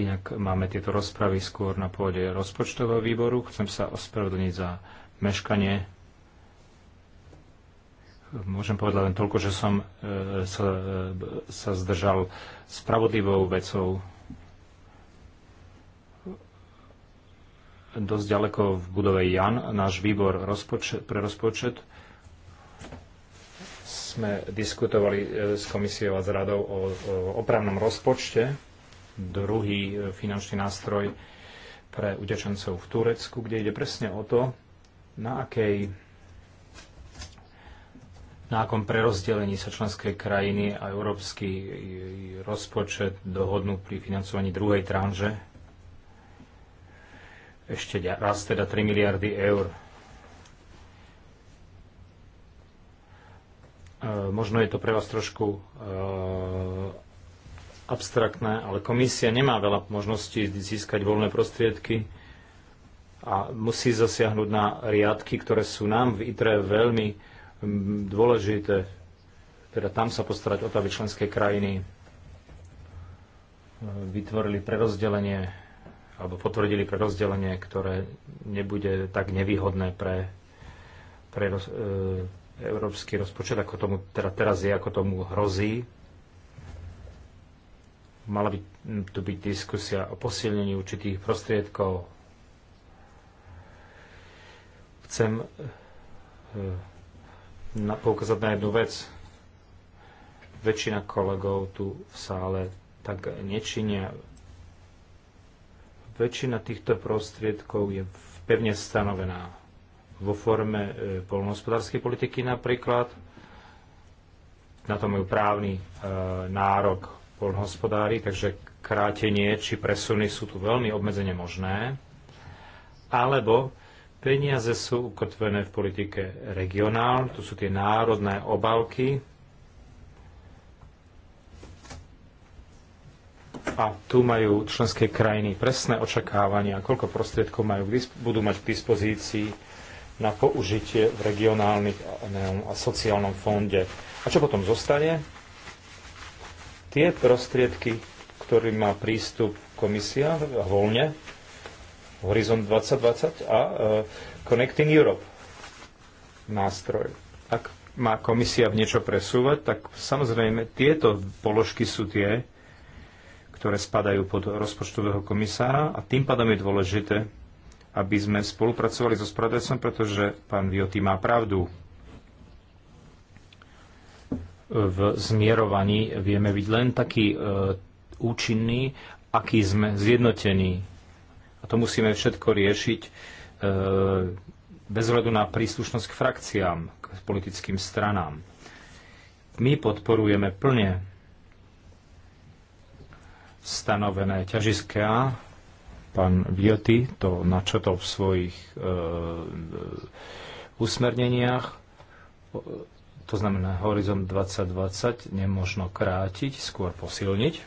Inak máme tieto rozpravy skôr na pôde rozpočtového výboru. Chcem sa ospravedlniť za meškanie. Môžem povedať len toľko, že som e, sa, e, sa zdržal spravodlivou vecou. Dosť ďaleko v budove Jan, náš výbor rozpočet, pre rozpočet, sme diskutovali e, s komisiou a s radou o, o opravnom rozpočte, druhý finančný nástroj pre utečencov v Turecku, kde ide presne o to, na akej na akom prerozdelení sa členské krajiny a európsky e, e, rozpočet dohodnú pri financovaní druhej tranže. Ešte raz teda 3 miliardy eur. E, možno je to pre vás trošku abstraktné, ale komisia nemá veľa možností získať voľné prostriedky a musí zasiahnuť na riadky, ktoré sú nám v ITRE veľmi dôležité, teda tam sa postarať o to, aby členské krajiny e, vytvorili prerozdelenie alebo potvrdili prerozdelenie, ktoré nebude tak nevýhodné pre, pre roz, e, európsky rozpočet, ako tomu teda teraz je, ako tomu hrozí. Mala by tu byť diskusia o posilnení určitých prostriedkov. Chcem e, na, poukázať na jednu vec. Väčšina kolegov tu v sále tak nečinia. Väčšina týchto prostriedkov je pevne stanovená vo forme e, polnohospodárskej politiky napríklad. Na to majú právny e, nárok polnohospodári, takže krátenie či presuny sú tu veľmi obmedzene možné. Alebo Peniaze sú ukotvené v politike regionál, to sú tie národné obalky. A tu majú členské krajiny presné očakávania, koľko prostriedkov majú, budú mať k dispozícii na použitie v regionálnych a sociálnom fonde. A čo potom zostane? Tie prostriedky, ktorým má prístup komisia voľne, Horizont 2020 a e, Connecting Europe nástroj. Ak má komisia v niečo presúvať, tak samozrejme tieto položky sú tie, ktoré spadajú pod rozpočtového komisára a tým pádom je dôležité, aby sme spolupracovali so spravodajcom, pretože pán Vioty má pravdu. V zmierovaní vieme byť len taký e, účinný, aký sme zjednotení. A to musíme všetko riešiť e, bez hľadu na príslušnosť k frakciám, k politickým stranám. My podporujeme plne stanovené ťažiská. Pán Vioty to načotol v svojich uh, usmerneniach. To znamená, horizont 2020 nemôžno krátiť, skôr posilniť.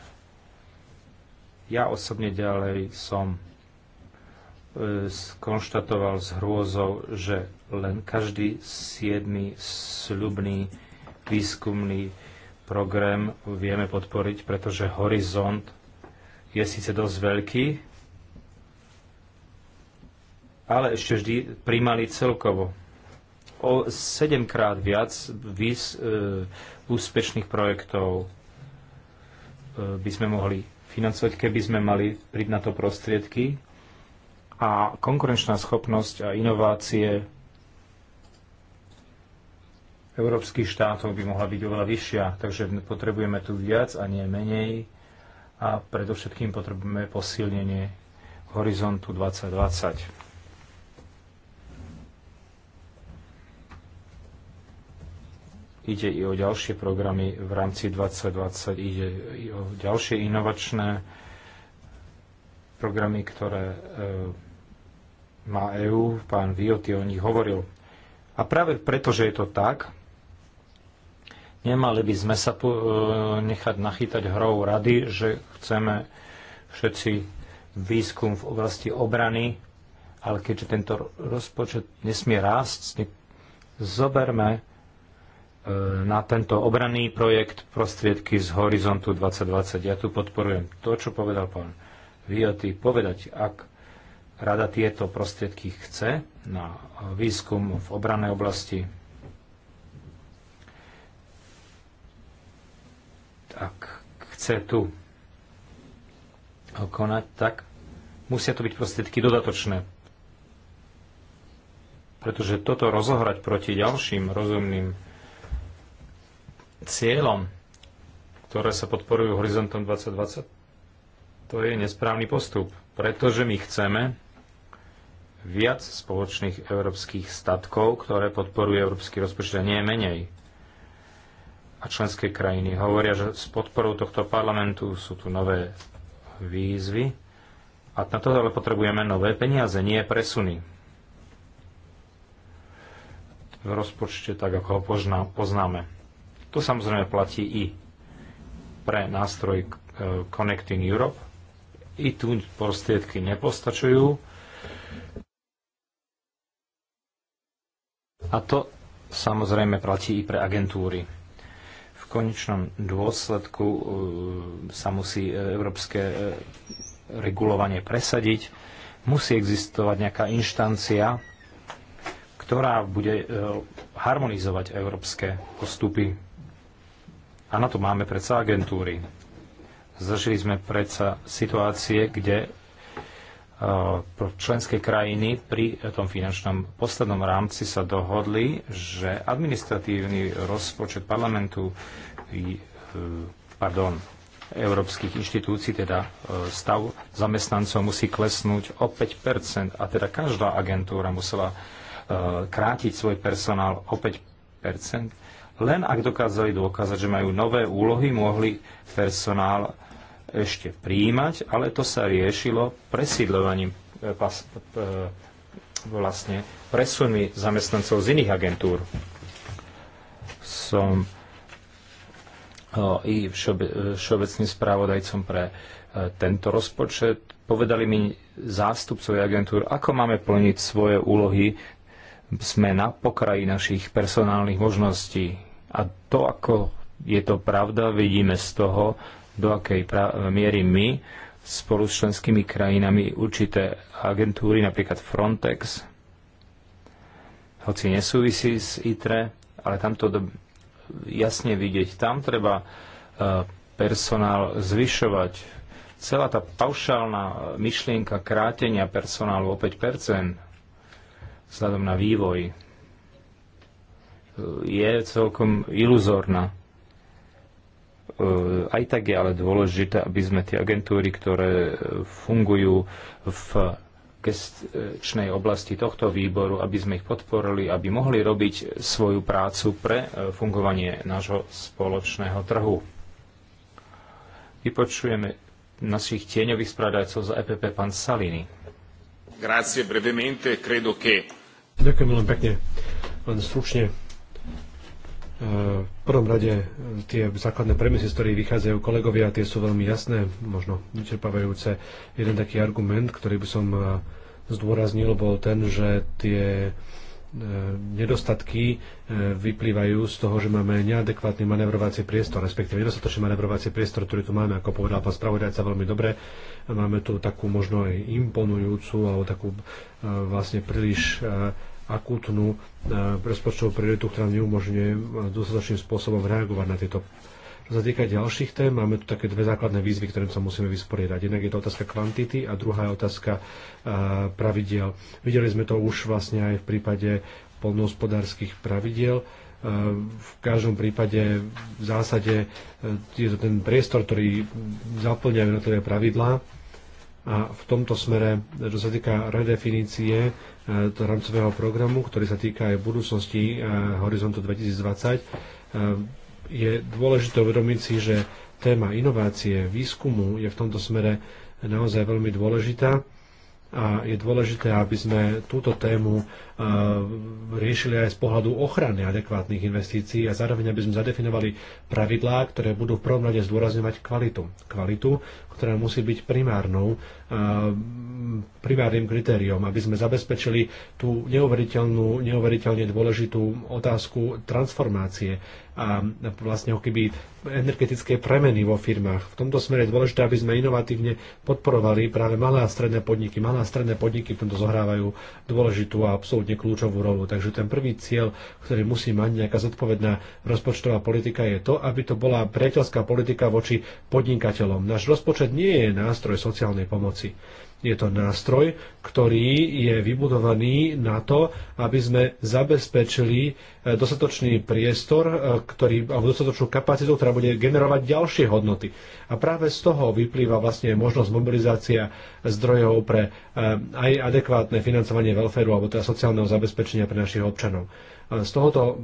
Ja osobne ďalej som E, skonštatoval s hrôzou, že len každý siedmy sľubný výskumný program vieme podporiť, pretože horizont je síce dosť veľký, ale ešte vždy príjmali celkovo. O sedemkrát viac výs, e, úspešných projektov e, by sme mohli financovať, keby sme mali priť na to prostriedky a konkurenčná schopnosť a inovácie európskych štátov by mohla byť oveľa vyššia, takže potrebujeme tu viac a nie menej a predovšetkým potrebujeme posilnenie horizontu 2020. Ide i o ďalšie programy v rámci 2020, ide i o ďalšie inovačné programy, ktoré e, má EÚ, pán Vioty o nich hovoril. A práve preto, že je to tak, nemali by sme sa po, e, nechať nachytať hrou rady, že chceme všetci výskum v oblasti obrany, ale keďže tento rozpočet nesmie rásť, zoberme e, na tento obranný projekt prostriedky z Horizontu 2020. Ja tu podporujem to, čo povedal pán Vioty, povedať, ak Rada tieto prostriedky chce na výskum v obranej oblasti. Ak chce tu konať, tak musia to byť prostriedky dodatočné. Pretože toto rozohrať proti ďalším rozumným cieľom, ktoré sa podporujú horizontom 2020, to je nesprávny postup. Pretože my chceme, viac spoločných európskych statkov, ktoré podporuje európsky rozpočet a nie menej. A členské krajiny hovoria, že s podporou tohto parlamentu sú tu nové výzvy a na to ale potrebujeme nové peniaze, nie presuny. V rozpočte tak, ako ho poznáme. To samozrejme platí i pre nástroj e, Connecting Europe. I tu prostriedky nepostačujú A to samozrejme platí i pre agentúry. V konečnom dôsledku e, sa musí e, európske e, regulovanie presadiť. Musí existovať nejaká inštancia, ktorá bude harmonizovať európske postupy. A na to máme predsa agentúry. Zažili sme predsa situácie, kde E, členské krajiny pri tom finančnom poslednom rámci sa dohodli, že administratívny rozpočet parlamentu, e, pardon, európskych inštitúcií, teda e, stav zamestnancov musí klesnúť o 5 a teda každá agentúra musela krátiť svoj personál o 5 len ak dokázali dôkazať, že majú nové úlohy, mohli personál ešte príjimať, ale to sa riešilo presídľovaním e, e, vlastne presunmi zamestnancov z iných agentúr. Som i e, všeobecným správodajcom pre tento rozpočet. Povedali mi zástupcovi agentúr, ako máme plniť svoje úlohy. Sme na pokraji našich personálnych možností. A to, ako je to pravda, vidíme z toho, do akej miery my spolu s členskými krajinami určité agentúry, napríklad Frontex, hoci nesúvisí s ITRE, ale tam to jasne vidieť. Tam treba e, personál zvyšovať. Celá tá paušálna e, myšlienka krátenia personálu o 5% vzhľadom na vývoj e, je celkom iluzórna. E, aj tak je ale dôležité, aby sme tie agentúry, ktoré fungujú v gestčnej oblasti tohto výboru, aby sme ich podporili, aby mohli robiť svoju prácu pre e, fungovanie nášho spoločného trhu. Vypočujeme našich tieňových spradajcov za EPP, pán Salini. Grazie brevemente, credo che... Ďakujem veľmi pekne. Len stručne v prvom rade e, tie základné premisy, z ktorých vychádzajú kolegovia, tie sú veľmi jasné, možno vyčerpávajúce. Jeden taký argument, ktorý by som e, zdôraznil, bol ten, že tie nedostatky e, vyplývajú z toho, že máme neadekvátny manevrovací priestor, respektíve nedostatočný manevrovací priestor, ktorý tu máme, ako povedal pán spravodajca veľmi dobre. Máme tu takú možno aj imponujúcu alebo takú e, vlastne príliš e, akútnu rozpočtovú prioritu, ktorá neumožňuje dostatočným spôsobom reagovať na tieto čo sa týka ďalších tém, máme tu také dve základné výzvy, ktorým sa musíme vysporiadať. Jednak je to otázka kvantity a druhá je otázka e, pravidiel. Videli sme to už vlastne aj v prípade polnohospodárskych pravidiel. E, v každom prípade v zásade e, je to ten priestor, ktorý zaplňa jednotlivé pravidlá a v tomto smere, čo sa týka redefinície to rámcového programu, ktorý sa týka aj budúcnosti Horizontu 2020, je dôležité uvedomiť si, že téma inovácie, výskumu je v tomto smere naozaj veľmi dôležitá a je dôležité, aby sme túto tému e, riešili aj z pohľadu ochrany adekvátnych investícií a zároveň, aby sme zadefinovali pravidlá, ktoré budú v prvom rade zdôrazňovať kvalitu. Kvalitu, ktorá musí byť primárnou, e, primárnym kritériom, aby sme zabezpečili tú neuveriteľnú, neuveriteľne dôležitú otázku transformácie a vlastne ho keby energetické premeny vo firmách. V tomto smere je dôležité, aby sme inovatívne podporovali práve malé a stredné podniky. Malé a stredné podniky v tomto zohrávajú dôležitú a absolútne kľúčovú rolu. Takže ten prvý cieľ, ktorý musí mať nejaká zodpovedná rozpočtová politika, je to, aby to bola priateľská politika voči podnikateľom. Náš rozpočet nie je nástroj sociálnej pomoci. Je to nástroj, ktorý je vybudovaný na to, aby sme zabezpečili e, dostatočný priestor, e, ktorý, alebo dostatočnú kapacitu, ktorá bude generovať ďalšie hodnoty. A práve z toho vyplýva vlastne možnosť mobilizácia zdrojov pre e, aj adekvátne financovanie welfareu alebo teda sociálneho zabezpečenia pre našich občanov. Z tohoto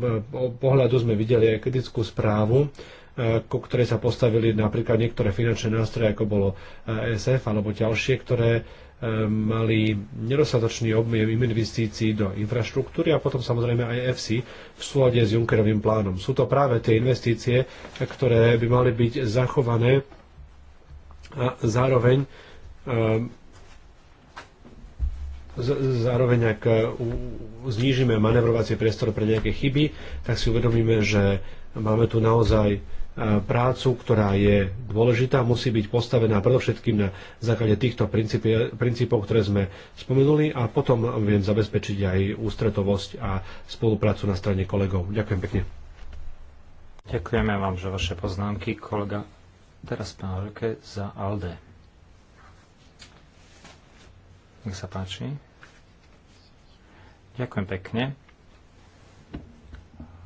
pohľadu sme videli aj kritickú správu E, ku ktorej sa postavili napríklad niektoré finančné nástroje, ako bolo ESF e alebo ďalšie, ktoré e, mali nedostatočný objem investícií do infraštruktúry a potom samozrejme aj FC v súlade s Junckerovým plánom. Sú to práve tie investície, ktoré by mali byť zachované a zároveň zároveň ak znížime manevrovacie priestor pre nejaké chyby, tak si uvedomíme, že máme tu naozaj E, prácu, ktorá je dôležitá, musí byť postavená predovšetkým na základe týchto princípov, ktoré sme spomenuli a potom viem zabezpečiť aj ústretovosť a spoluprácu na strane kolegov. Ďakujem pekne. Ďakujeme vám za vaše poznámky, kolega. Teraz pán Horke za ALDE. Nech sa páči. Ďakujem pekne.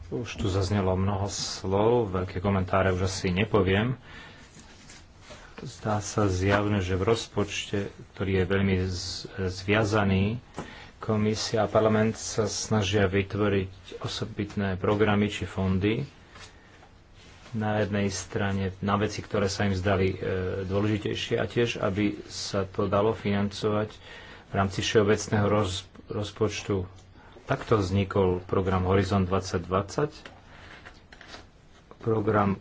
Už tu zaznelo mnoho slov, veľké komentáre už asi nepoviem. Zdá sa zjavne, že v rozpočte, ktorý je veľmi zviazaný, komisia a parlament sa snažia vytvoriť osobitné programy či fondy, na jednej strane na veci, ktoré sa im zdali e, dôležitejšie a tiež, aby sa to dalo financovať v rámci všeobecného roz, rozpočtu. Takto vznikol program Horizon 2020, program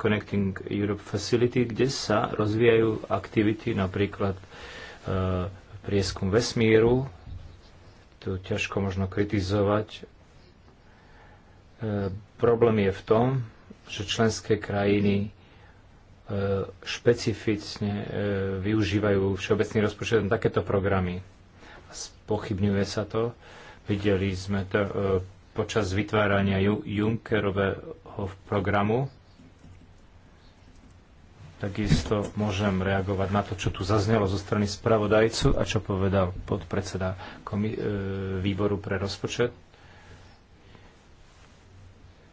Connecting Europe Facility, kde sa rozvíjajú aktivity, napríklad e, prieskum vesmíru. Tu ťažko možno kritizovať. E, problém je v tom, že členské krajiny e, e využívajú všeobecný rozpočet na takéto programy. pochybňuje sa to. Videli sme to e, počas vytvárania Junckerového programu. Takisto môžem reagovať na to, čo tu zaznelo zo strany spravodajcu a čo povedal podpredseda e, výboru pre rozpočet.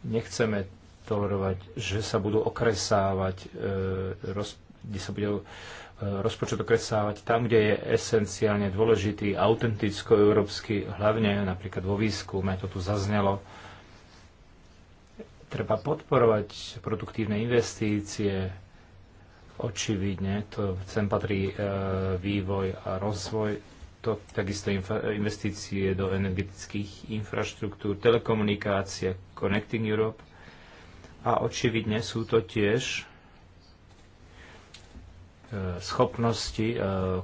Nechceme tolerovať, že sa budú okresávať, e, kde sa budú rozpočet okresávať tam, kde je esenciálne dôležitý, autenticko európsky, hlavne napríklad vo výskume, to tu zaznelo. Treba podporovať produktívne investície, očividne, to sem patrí e, vývoj a rozvoj, to takisto investície do energetických infraštruktúr, telekomunikácia, Connecting Europe. A očividne sú to tiež schopnosti eh,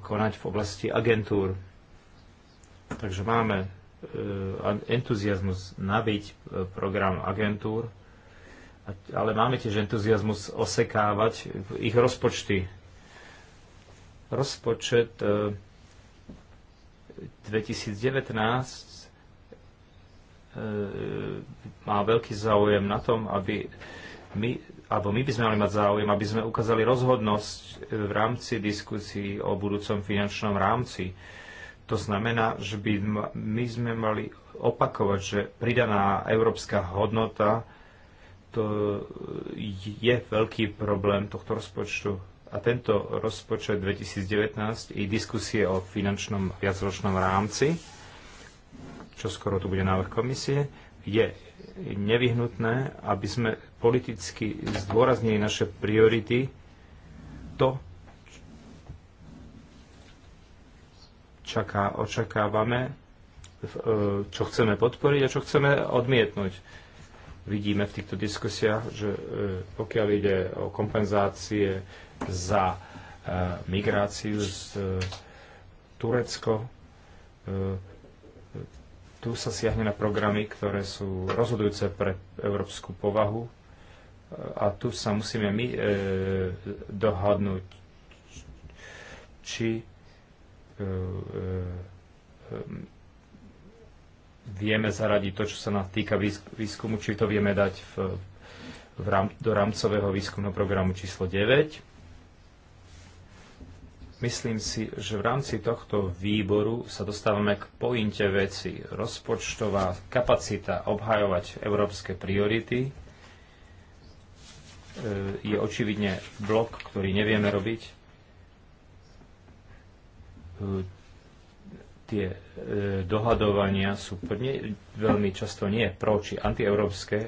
konať v oblasti agentúr. Takže máme eh, entuziasmus nabiť eh, program agentúr, ale máme tiež entuziasmus osekávať ich rozpočty. Rozpočet 2019 má veľký záujem na tom, aby my alebo my by sme mali mať záujem, aby sme ukázali rozhodnosť v rámci diskusí o budúcom finančnom rámci. To znamená, že by my sme mali opakovať, že pridaná európska hodnota to je veľký problém tohto rozpočtu. A tento rozpočet 2019 i diskusie o finančnom viacročnom rámci, čo skoro tu bude návrh komisie, je nevyhnutné, aby sme politicky zdôraznili naše priority, to čaká, očakávame, e, čo chceme podporiť a čo chceme odmietnúť. Vidíme v týchto diskusiách, že e, pokiaľ ide o kompenzácie za e, migráciu z Turecko, tu sa siahne na programy, ktoré sú rozhodujúce pre európsku povahu a tu sa musíme my e, dohodnúť, či e, e, vieme zaradiť to, čo sa nám týka výskumu, či to vieme dať v, v rám, do rámcového výskumného programu číslo 9. Myslím si, že v rámci tohto výboru sa dostávame k pointe veci. Rozpočtová kapacita obhajovať európske priority e, je očividne blok, ktorý nevieme robiť. E, tie e, dohadovania sú veľmi často nie pro či antieurópske,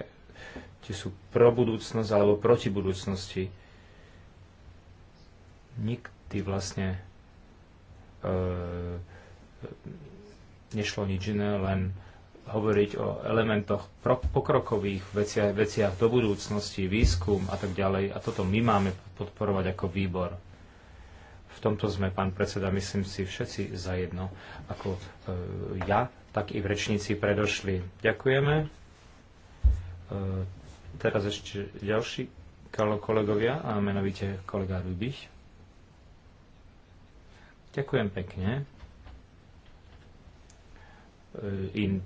tie sú pro budúcnosť alebo proti budúcnosti. Nikto ty vlastne e, nešlo nič iné, len hovoriť o elementoch pokrokových veciach, veciach do budúcnosti, výskum a tak ďalej. A toto my máme podporovať ako výbor. V tomto sme, pán predseda, myslím si všetci zajedno, ako e, ja, tak i v rečníci predošli. Ďakujeme. E, teraz ešte ďalší kolegovia a menovite kolega Rubich. Ďakujem pekne. E, In,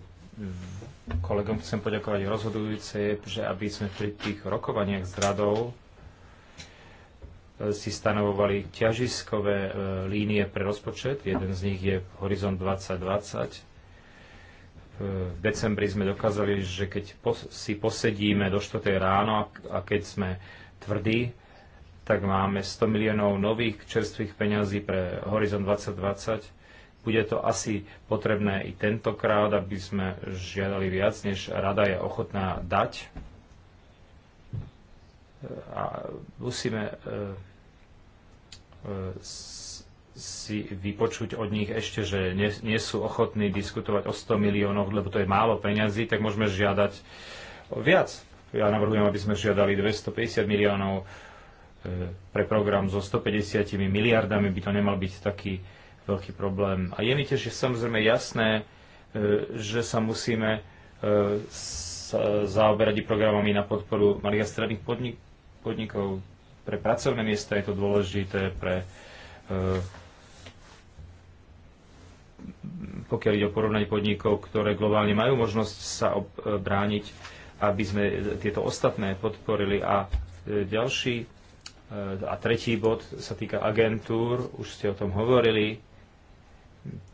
kolegom chcem poďakovať rozhodujúce, že aby sme pri tých rokovaniach s radou e, si stanovovali ťažiskové e, línie pre rozpočet. Jeden z nich je Horizont 2020. V decembri sme dokázali, že keď si posedíme do 4. ráno a keď sme tvrdí, tak máme 100 miliónov nových čerstvých peňazí pre Horizon 2020. Bude to asi potrebné i tentokrát, aby sme žiadali viac, než rada je ochotná dať. A musíme e, e, si vypočuť od nich ešte, že nie, nie sú ochotní diskutovať o 100 miliónoch, lebo to je málo peňazí, tak môžeme žiadať viac. Ja navrhujem, aby sme žiadali 250 miliónov, E, pre program so 150 miliardami by to nemal byť taký veľký problém. A je mi tiež samozrejme jasné, e, že sa musíme e, zaoberať programami na podporu malých a stredných podnik- podnikov. Pre pracovné miesta je to dôležité, pre pokiaľ ide o porovnanie podnikov, ktoré globálne majú možnosť sa brániť, aby sme tieto ostatné podporili. A ďalší E, a tretí bod sa týka agentúr, už ste o tom hovorili.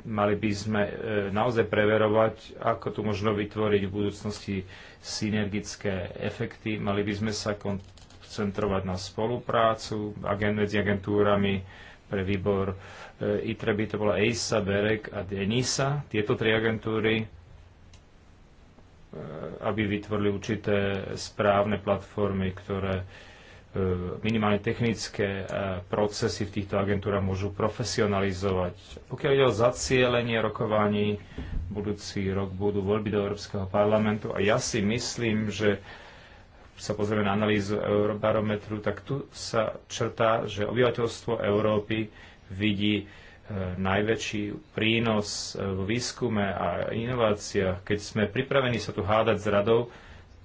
Mali by sme e, naozaj preverovať, ako tu možno vytvoriť v budúcnosti synergické efekty. Mali by sme sa koncentrovať na spoluprácu medzi agentúrami pre výbor e, ITRE by to bola EISA, BEREK a DENISA, tieto tri agentúry, aby vytvorili určité správne platformy, ktoré E, minimálne technické e, procesy v týchto agentúrach môžu profesionalizovať. Pokiaľ ide o zacielenie rokovaní, budúci rok budú voľby do Európskeho parlamentu a ja si myslím, že sa pozrieme na analýzu Eurobarometru, tak tu sa črtá, že obyvateľstvo Európy vidí e, najväčší prínos v výskume a inováciách. Keď sme pripravení sa tu hádať s radou,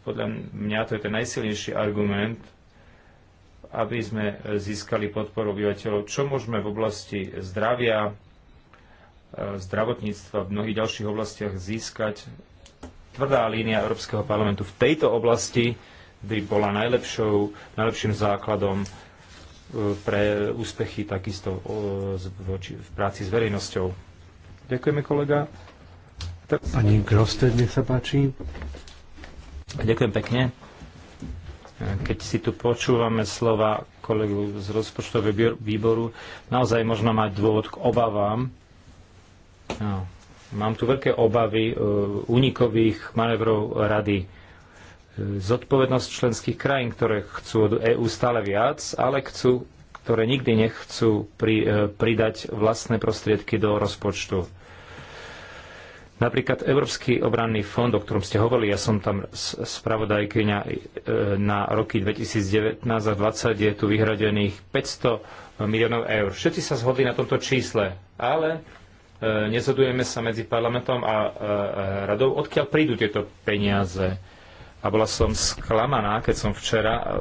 podľa mňa to je ten najsilnejší argument, aby sme eh, získali podporu obyvateľov. Čo môžeme v oblasti zdravia, eh, zdravotníctva v mnohých ďalších oblastiach získať? Tvrdá línia Európskeho parlamentu v tejto oblasti by bola najlepšou, najlepším základom eh, pre úspechy takisto v práci s verejnosťou. Ďakujeme, kolega. Pani Grosted, nech sa páči. Ďakujem pekne keď si tu počúvame slova kolegu z rozpočtového výboru, naozaj možno mať dôvod k obavám. No, mám tu veľké obavy e, únikových manevrov rady. E, zodpovednosť členských krajín, ktoré chcú od EÚ stále viac, ale chcú, ktoré nikdy nechcú pri, e, pridať vlastné prostriedky do rozpočtu Napríklad Európsky obranný fond, o ktorom ste hovorili, ja som tam spravodajkyňa e, na roky 2019 a 2020 je tu vyhradených 500 miliónov eur. Všetci sa zhodli na tomto čísle, ale e, nezhodujeme sa medzi parlamentom a e, radou, odkiaľ prídu tieto peniaze. A bola som sklamaná, keď som včera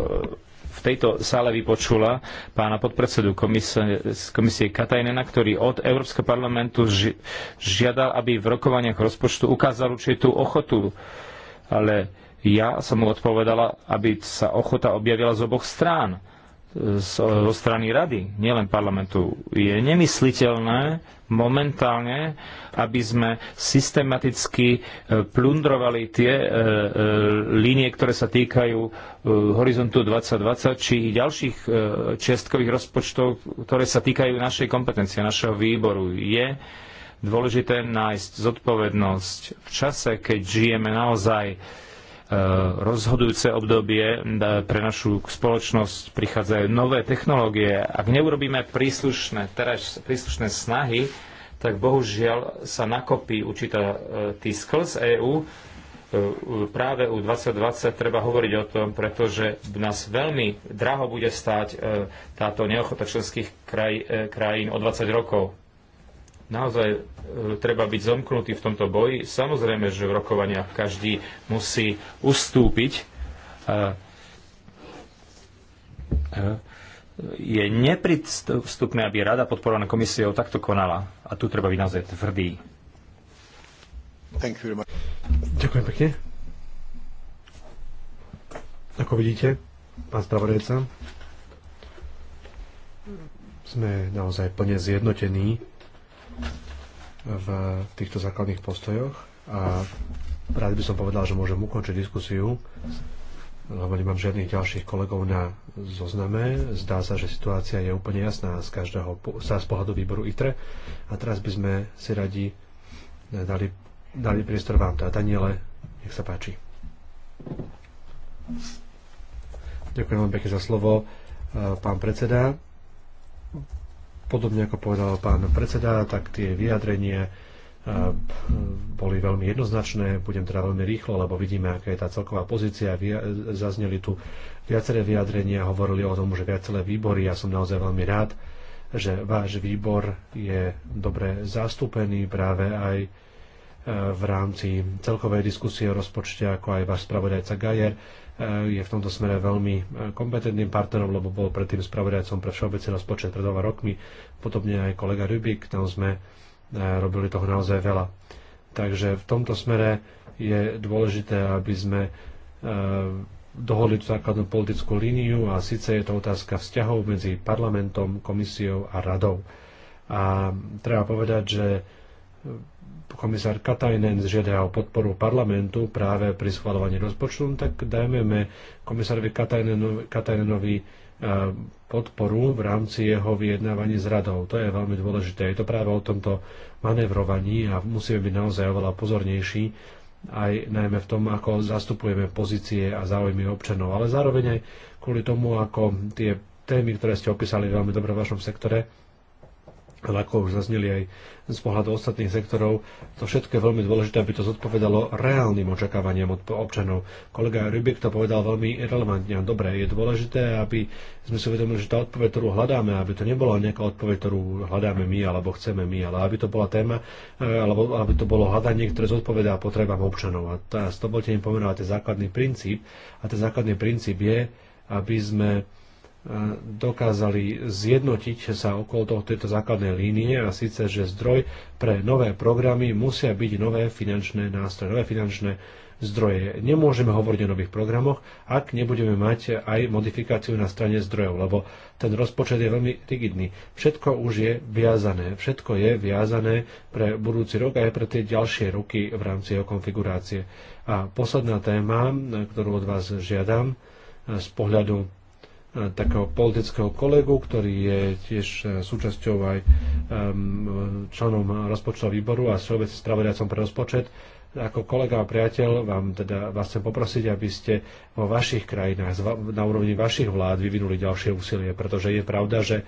tejto sále vypočula pána podpredsedu komisie, komisie Katajnena, ktorý od Európskeho parlamentu ži, žiadal, aby v rokovaniach rozpočtu ukázal určitú ochotu. Ale ja som mu odpovedala, aby sa ochota objavila z oboch strán zo strany rady, nielen parlamentu. Je nemysliteľné momentálne, aby sme systematicky e, plundrovali tie e, e, línie, ktoré sa týkajú horizontu 2020 či ďalších čiastkových rozpočtov, ktoré sa týkajú našej kompetencie, našeho výboru. Je dôležité nájsť zodpovednosť v čase, keď žijeme naozaj Eh, rozhodujúce obdobie pre našu spoločnosť prichádzajú nové technológie. Ak neurobíme príslušné, teraz príslušné snahy, tak bohužiaľ sa nakopí určitá eh, tý z EÚ. Eh, práve u 2020 treba hovoriť o tom, pretože nás veľmi draho bude stáť táto neochota členských kraj, krajín o 20 rokov naozaj e, treba byť zomknutý v tomto boji. Samozrejme, že v rokovaniach každý musí ustúpiť. E, e, je nepristupné, aby rada podporovaná komisiou takto konala. A tu treba byť naozaj tvrdý. Ďakujem pekne. Ako vidíte, pán spravodajca, sme naozaj plne zjednotení v týchto základných postojoch a rád by som povedal, že môžem ukončiť diskusiu, lebo nemám žiadnych ďalších kolegov na zozname. Zdá sa, že situácia je úplne jasná z každého z pohľadu výboru ITRE a teraz by sme si radi dali, dali priestor vám. Tá Daniele, nech sa páči. Ďakujem vám pekne za slovo, pán predseda. Podobne ako povedal pán predseda, tak tie vyjadrenie eh, boli veľmi jednoznačné, budem teda veľmi rýchlo, lebo vidíme, aká je tá celková pozícia. Eh, zazneli tu viaceré vyjadrenia, hovorili o tom, že viaceré výbory, ja som naozaj veľmi rád, že váš výbor je dobre zastúpený práve aj eh, v rámci celkovej diskusie o rozpočte, ako aj váš spravodajca Gajer je v tomto smere veľmi e, kompetentným partnerom, lebo bol predtým spravodajcom pre všeobecný rozpočet pred dvoma rokmi, podobne aj kolega Rybik, tam sme e, robili toho naozaj veľa. Takže v tomto smere je dôležité, aby sme e, dohodli tú základnú politickú líniu a síce je to otázka vzťahov medzi parlamentom, komisiou a radou. A treba povedať, že komisár Katajnen žiada o podporu parlamentu práve pri schvalovaní rozpočtu, no tak dajme komisárovi Katajnenovi, Katajnenovi podporu v rámci jeho vyjednávaní s radou. To je veľmi dôležité. Je to práve o tomto manevrovaní a musíme byť naozaj oveľa pozornejší, aj najmä v tom, ako zastupujeme pozície a záujmy občanov, ale zároveň aj kvôli tomu, ako tie témy, ktoré ste opísali veľmi dobre v vašom sektore, ale ako už zazneli aj z pohľadu ostatných sektorov, to všetko je veľmi dôležité, aby to zodpovedalo reálnym očakávaniam od občanov. Kolega Rybik to povedal veľmi relevantne a dobre. Je dôležité, aby sme si uvedomili, že tá odpoveď, ktorú hľadáme, aby to nebola nejaká odpoveď, ktorú hľadáme my alebo chceme my, ale aby to bola téma, eh, alebo aby to bolo hľadanie, ktoré zodpovedá potrebám občanov. A tá, to bol tým pomenovať ten základný princíp. A ten základný princíp je, aby sme dokázali zjednotiť sa okolo toho tejto základnej línie a síce, že zdroj pre nové programy musia byť nové finančné nástroje, nové finančné zdroje. Nemôžeme hovoriť o nových programoch, ak nebudeme mať aj modifikáciu na strane zdrojov, lebo ten rozpočet je veľmi rigidný. Všetko už je viazané, všetko je viazané pre budúci rok a aj pre tie ďalšie roky v rámci jeho konfigurácie. A posledná téma, ktorú od vás žiadam z pohľadu E, takého politického kolegu, ktorý je tiež e, súčasťou aj e, členom rozpočtového výboru a všeobecne spravodajcom pre rozpočet. Ako kolega a priateľ vám teda vás chcem poprosiť, aby ste vo vašich krajinách, na úrovni vašich vlád vyvinuli ďalšie úsilie, pretože je pravda, že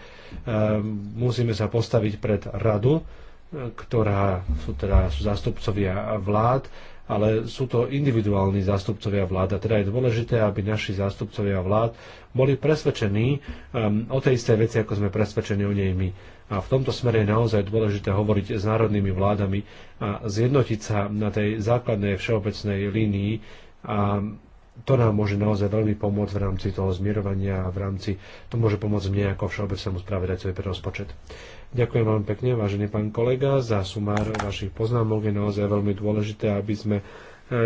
musíme sa postaviť pred radu, ktorá sú teda sú zástupcovia vlád, ale sú to individuálni zástupcovia vlád a teda je dôležité, aby naši zástupcovia vlád boli presvedčení um, o tej istej veci, ako sme presvedčení o nej my. A v tomto smere je naozaj dôležité hovoriť s národnými vládami a zjednotiť sa na tej základnej všeobecnej línii a to nám môže naozaj veľmi pomôcť v rámci toho zmierovania a v rámci, to môže pomôcť mne ako všeobecnému spravedateľovi pre rozpočet. Ďakujem veľmi pekne, vážený pán kolega, za sumár vašich poznámok. Je naozaj veľmi dôležité, aby sme e,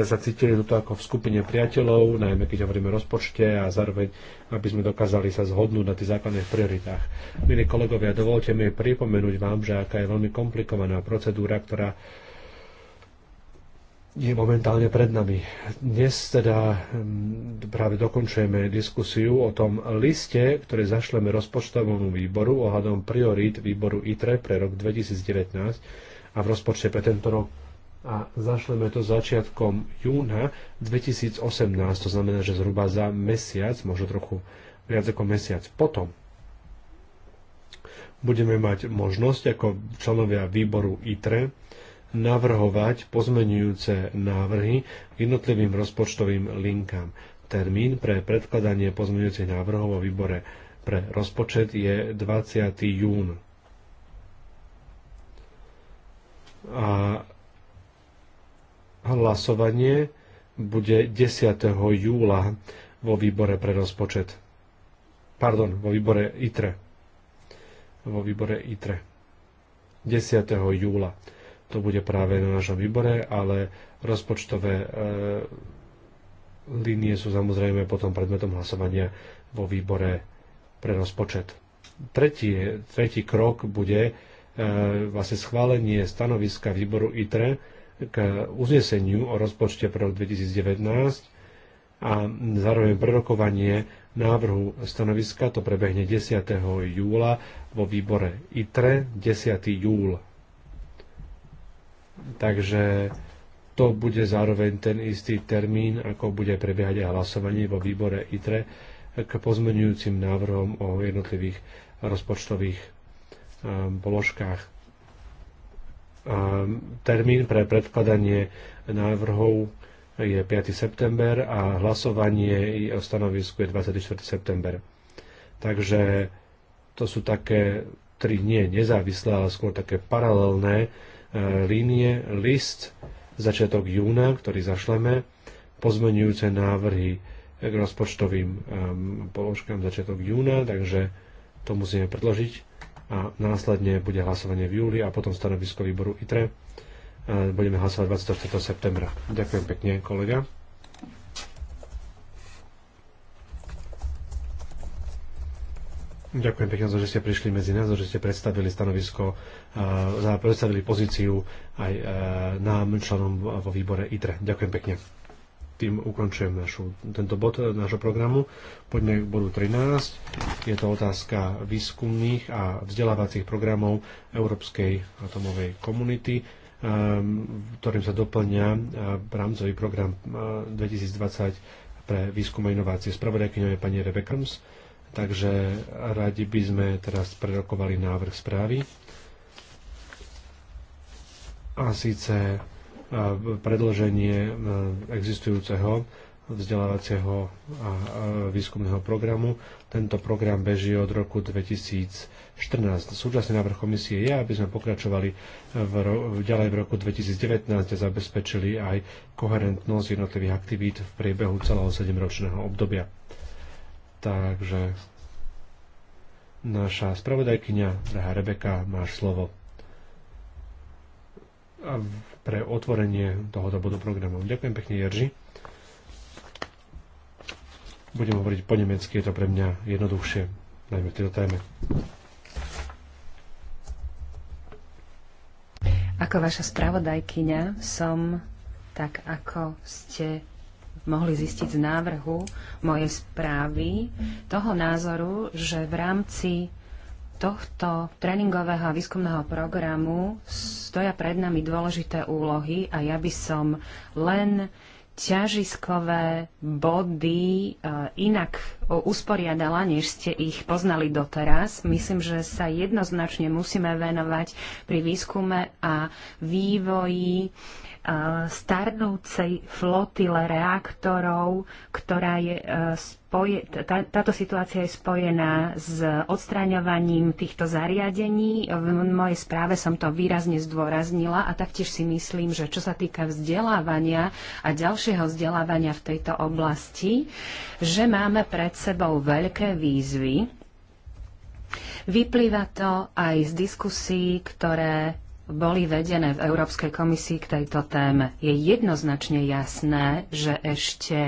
sa cítili toto ako v skupine priateľov, najmä keď hovoríme o rozpočte a zároveň, aby sme dokázali sa zhodnúť na tých základných prioritách. Milí kolegovia, dovolte mi pripomenúť vám, že aká je veľmi komplikovaná procedúra, ktorá je momentálne pred nami. Dnes teda mm, práve dokončujeme diskusiu o tom liste, ktoré zašleme rozpočtovému výboru ohľadom priorít výboru ITRE pre rok 2019 a v rozpočte pre tento rok a zašleme to začiatkom júna 2018, to znamená, že zhruba za mesiac, možno trochu viac ako mesiac potom, budeme mať možnosť ako členovia výboru ITRE navrhovať pozmenujúce návrhy k jednotlivým rozpočtovým linkám. Termín pre predkladanie pozmenujúcich návrhov vo výbore pre rozpočet je 20. jún. A hlasovanie bude 10. júla vo výbore pre rozpočet. Pardon, vo výbore ITRE. Vo výbore ITRE. 10. júla to bude práve na našom výbore, ale rozpočtové e, línie sú samozrejme potom predmetom hlasovania vo výbore pre rozpočet. Tretí, tretí krok bude e, vlastne schválenie stanoviska výboru ITRE k uzneseniu o rozpočte pre rok 2019 a zároveň prerokovanie návrhu stanoviska. To prebehne 10. júla vo výbore ITRE 10. júl Takže to bude zároveň ten istý termín, ako bude prebiehať aj hlasovanie vo výbore ITRE k pozmenujúcim návrhom o jednotlivých rozpočtových ehm, položkách. Ehm, termín pre predkladanie návrhov je 5. september a hlasovanie o stanovisku je 24. september. Takže to sú také tri nie nezávislé, ale skôr také paralelné E, línie, list, začiatok júna, ktorý zašleme, pozmenujúce návrhy k rozpočtovým položkám začiatok júna, takže to musíme predložiť a následne bude hlasovanie v júli a potom stanovisko výboru ITRE. E, budeme hlasovať 24. septembra. Ďakujem pekne, kolega. Ďakujem pekne za, že ste prišli medzi nás, že ste predstavili stanovisko, za predstavili pozíciu aj nám, členom vo výbore ITRE. Ďakujem pekne. Tým ukončujem našu, tento bod nášho programu. Poďme k bodu 13. Je to otázka výskumných a vzdelávacích programov Európskej atomovej komunity, um, ktorým sa doplňa rámcový program 2020 pre výskum a inovácie. Spravodajkyňou je pani Rebekams. Takže radi by sme teraz prerokovali návrh správy. A síce e, predloženie e, existujúceho vzdelávacieho a e, výskumného programu. Tento program beží od roku 2014. Súčasný návrh komisie je, aby sme pokračovali v ro- ďalej v roku 2019 a zabezpečili aj koherentnosť jednotlivých aktivít v priebehu celého 7-ročného obdobia. Takže naša spravodajkyňa, drahá Rebeka, máš slovo a pre otvorenie tohoto bodu programu. Ďakujem pekne, Jerži. Budem hovoriť po nemecky, je to pre mňa jednoduchšie, najmä v tejto téme. Ako vaša spravodajkyňa som, tak ako ste mohli zistiť z návrhu mojej správy toho názoru, že v rámci tohto tréningového a výskumného programu stoja pred nami dôležité úlohy a ja by som len ťažiskové body eh, inak usporiadala, než ste ich poznali doteraz. Myslím, že sa jednoznačne musíme venovať pri výskume a vývoji starnúcej flotile reaktorov, ktorá je e, spoje, tá, táto situácia je spojená s odstraňovaním týchto zariadení. V mojej správe som to výrazne zdôraznila a taktiež si myslím, že čo sa týka vzdelávania a ďalšieho vzdelávania v tejto oblasti, že máme pred sebou veľké výzvy. Vyplýva to aj z diskusí, ktoré boli vedené v Európskej komisii k tejto téme. Je jednoznačne jasné, že ešte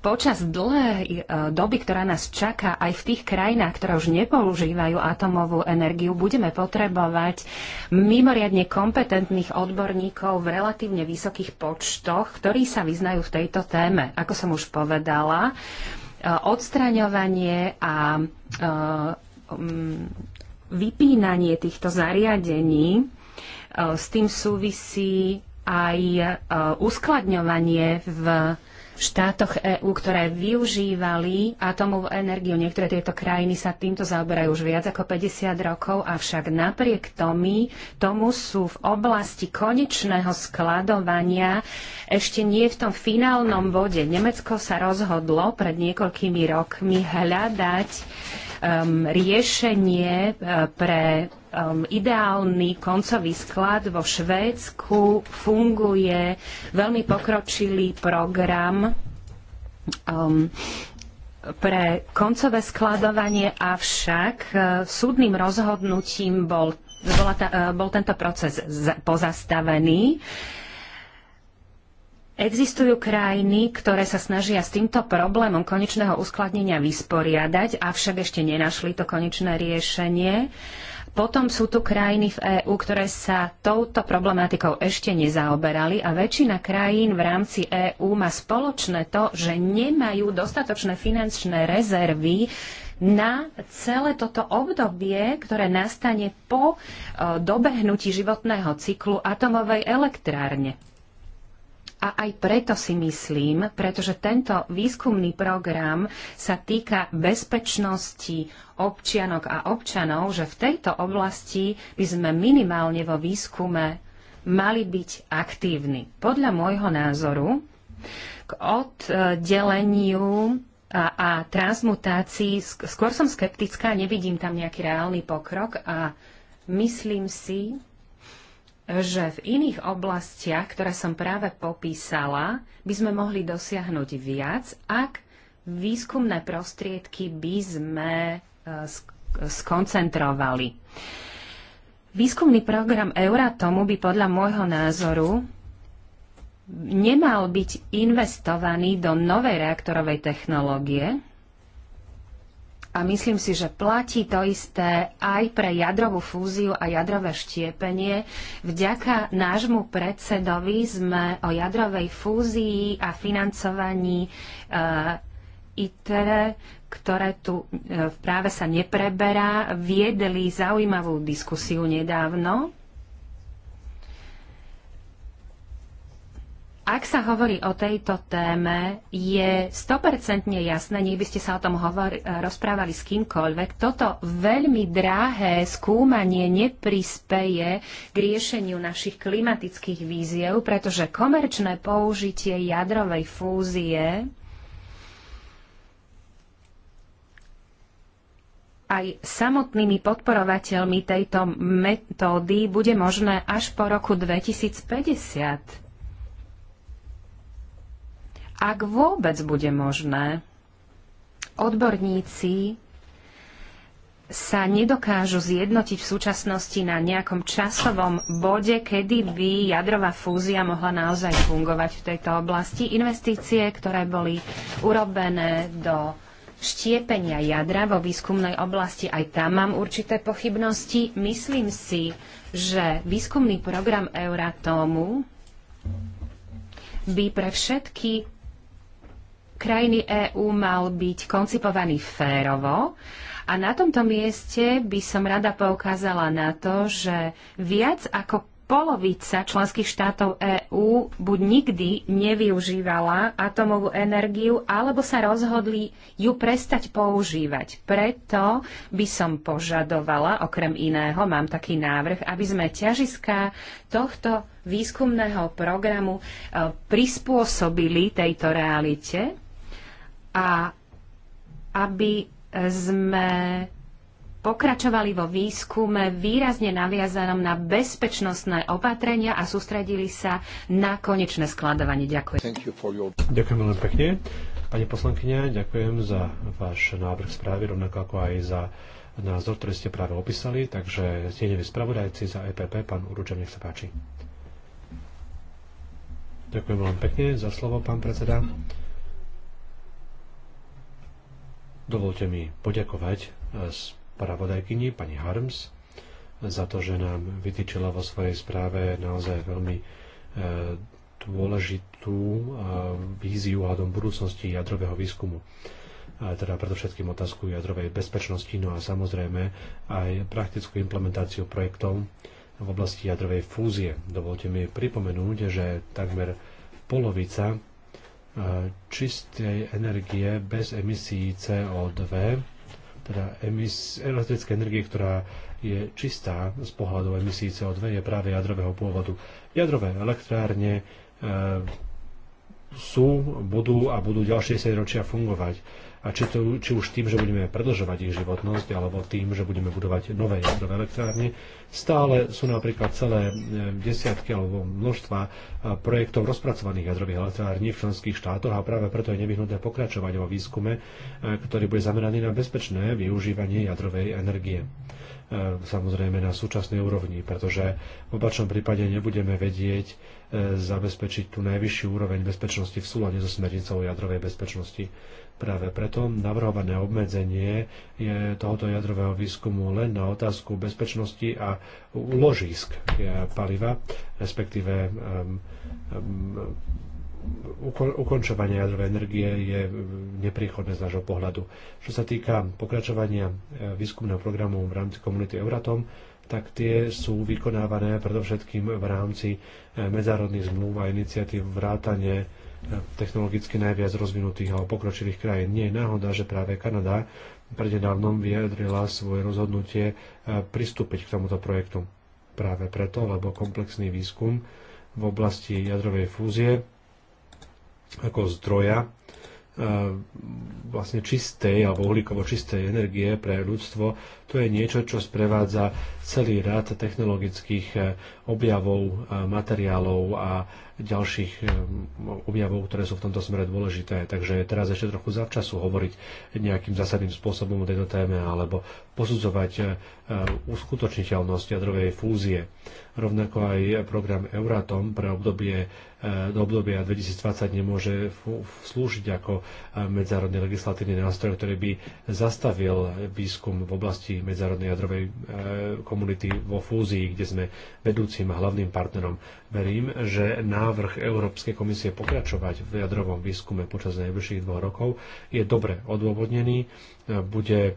počas dlhej e, doby, ktorá nás čaká aj v tých krajinách, ktoré už nepoužívajú atomovú energiu, budeme potrebovať mimoriadne kompetentných odborníkov v relatívne vysokých počtoch, ktorí sa vyznajú v tejto téme. Ako som už povedala, e, odstraňovanie a e, vypínanie týchto zariadení, e, s tým súvisí aj e, uskladňovanie v štátoch EÚ, ktoré využívali atomovú energiu. Niektoré tieto krajiny sa týmto zaoberajú už viac ako 50 rokov, avšak napriek tomu, tomu sú v oblasti konečného skladovania ešte nie v tom finálnom bode. Nemecko sa rozhodlo pred niekoľkými rokmi hľadať um, riešenie uh, pre um, ideálny koncový sklad vo Švédsku funguje veľmi pokročilý program um, pre koncové skladovanie, avšak uh, súdnym rozhodnutím bol, bola ta, uh, bol tento proces pozastavený. Uh, Existujú krajiny, ktoré sa snažia s týmto problémom konečného uskladnenia vysporiadať, avšak ešte nenašli to konečné riešenie. Potom sú tu krajiny v EÚ, ktoré sa touto problematikou ešte nezaoberali a väčšina krajín v rámci EÚ má spoločné to, že nemajú dostatočné finančné rezervy na celé toto obdobie, ktoré nastane po e, dobehnutí životného cyklu atomovej elektrárne. A aj preto si myslím, pretože tento výskumný program sa týka bezpečnosti občianok a občanov, že v tejto oblasti by sme minimálne vo výskume mali byť aktívni. Podľa môjho názoru k oddeleniu a, a transmutácii skôr som skeptická, nevidím tam nejaký reálny pokrok a myslím si, že v iných oblastiach, ktoré som práve popísala, by sme mohli dosiahnuť viac, ak výskumné prostriedky by sme e, skoncentrovali. Výskumný program Euratomu by podľa môjho názoru nemal byť investovaný do novej reaktorovej technológie, a myslím si, že platí to isté aj pre jadrovú fúziu a jadrové štiepenie. Vďaka nášmu predsedovi sme o jadrovej fúzii a financovaní e, eh, ITER, ktoré tu e, práve sa nepreberá, viedli zaujímavú diskusiu nedávno ak sa hovorí o tejto téme, je 100% jasné, nech by ste sa o tom hovor, e, rozprávali s kýmkoľvek, toto veľmi drahé skúmanie neprispeje k riešeniu našich klimatických víziev, pretože komerčné použitie jadrovej fúzie aj samotnými podporovateľmi tejto metódy bude možné až po roku 2050 ak vôbec bude možné, odborníci sa nedokážu zjednotiť v súčasnosti na nejakom časovom bode, kedy by jadrová fúzia mohla naozaj fungovať v tejto oblasti. Investície, ktoré boli urobené do štiepenia jadra vo výskumnej oblasti, aj tam mám určité pochybnosti. Myslím si, že výskumný program Euratomu by pre všetky krajiny EÚ mal byť koncipovaný férovo. A na tomto mieste by som rada poukázala na to, že viac ako polovica členských štátov EÚ buď nikdy nevyužívala atomovú energiu, alebo sa rozhodli ju prestať používať. Preto by som požadovala, okrem iného, mám taký návrh, aby sme ťažiská tohto výskumného programu e, prispôsobili tejto realite a aby sme pokračovali vo výskume výrazne naviazanom na bezpečnostné opatrenia a sústredili sa na konečné skladovanie. Ďakujem. Ďakujem veľmi pekne. Pani poslankyňa, ďakujem za váš návrh správy, rovnako ako aj za názor, ktorý ste práve opísali. Takže tieňový spravodajci za EPP, pán Uručev, nech sa páči. Ďakujem veľmi pekne za slovo, pán predseda. Dovolte mi poďakovať e, spravodajkyni pani Harms za to, že nám vytýčila vo svojej správe naozaj veľmi e, dôležitú e, víziu hľadom budúcnosti jadrového výskumu teda predovšetkým otázku jadrovej bezpečnosti, no a samozrejme aj praktickú implementáciu projektov v oblasti jadrovej fúzie. Dovolte mi pripomenúť, že takmer polovica čistej energie bez emisí CO2, teda emis, elektrické energie, ktorá je čistá z pohľadu emisí CO2, je práve jadrového pôvodu. Jadrové elektrárne e, sú, budú a budú ďalšie 10 ročia fungovať a či, to, či už tým, že budeme predlžovať ich životnosť, alebo tým, že budeme budovať nové jadrové elektrárne, stále sú napríklad celé e, desiatky alebo množstva e, projektov rozpracovaných jadrových elektrární v členských štátoch a práve preto je nevyhnutné pokračovať vo výskume, e, ktorý bude zameraný na bezpečné využívanie jadrovej energie samozrejme na súčasnej úrovni, pretože v opačnom prípade nebudeme vedieť zabezpečiť tú najvyššiu úroveň bezpečnosti v súlade so smernicou jadrovej bezpečnosti. Práve preto navrhované obmedzenie je tohoto jadrového výskumu len na otázku bezpečnosti a ložisk paliva, respektíve ukončovanie jadrovej energie je nepríchodné z nášho pohľadu. Čo sa týka pokračovania e, výskumného programu v rámci komunity Euratom, tak tie sú vykonávané predovšetkým v rámci e, medzárodných zmluv a iniciatív vrátane technologicky najviac rozvinutých alebo pokročilých krajín. Nie je náhoda, že práve Kanada prednedávnom vyjadrila svoje rozhodnutie e, pristúpiť k tomuto projektu. Práve preto, lebo komplexný výskum v oblasti jadrovej fúzie ako zdroja E, vlastne čistej alebo uhlíkovo čistej energie pre ľudstvo, to je niečo, čo sprevádza celý rad technologických e, objavov, e, materiálov a ďalších objavov, ktoré sú v tomto smere dôležité. Takže je teraz ešte trochu zavčasu hovoriť nejakým zásadným spôsobom o tejto téme alebo posudzovať uskutočniteľnosť jadrovej fúzie. Rovnako aj program Euratom pre obdobie do obdobia 2020 nemôže slúžiť ako e, medzárodný legislatívny nástroj, ktorý by zastavil výskum v oblasti medzárodnej jadrovej e, komunity vo fúzii, kde sme vedúcim a hlavným partnerom. Verím, že návrh Európskej komisie pokračovať v jadrovom výskume počas najbližších dvoch rokov je dobre odôvodnený, e, bude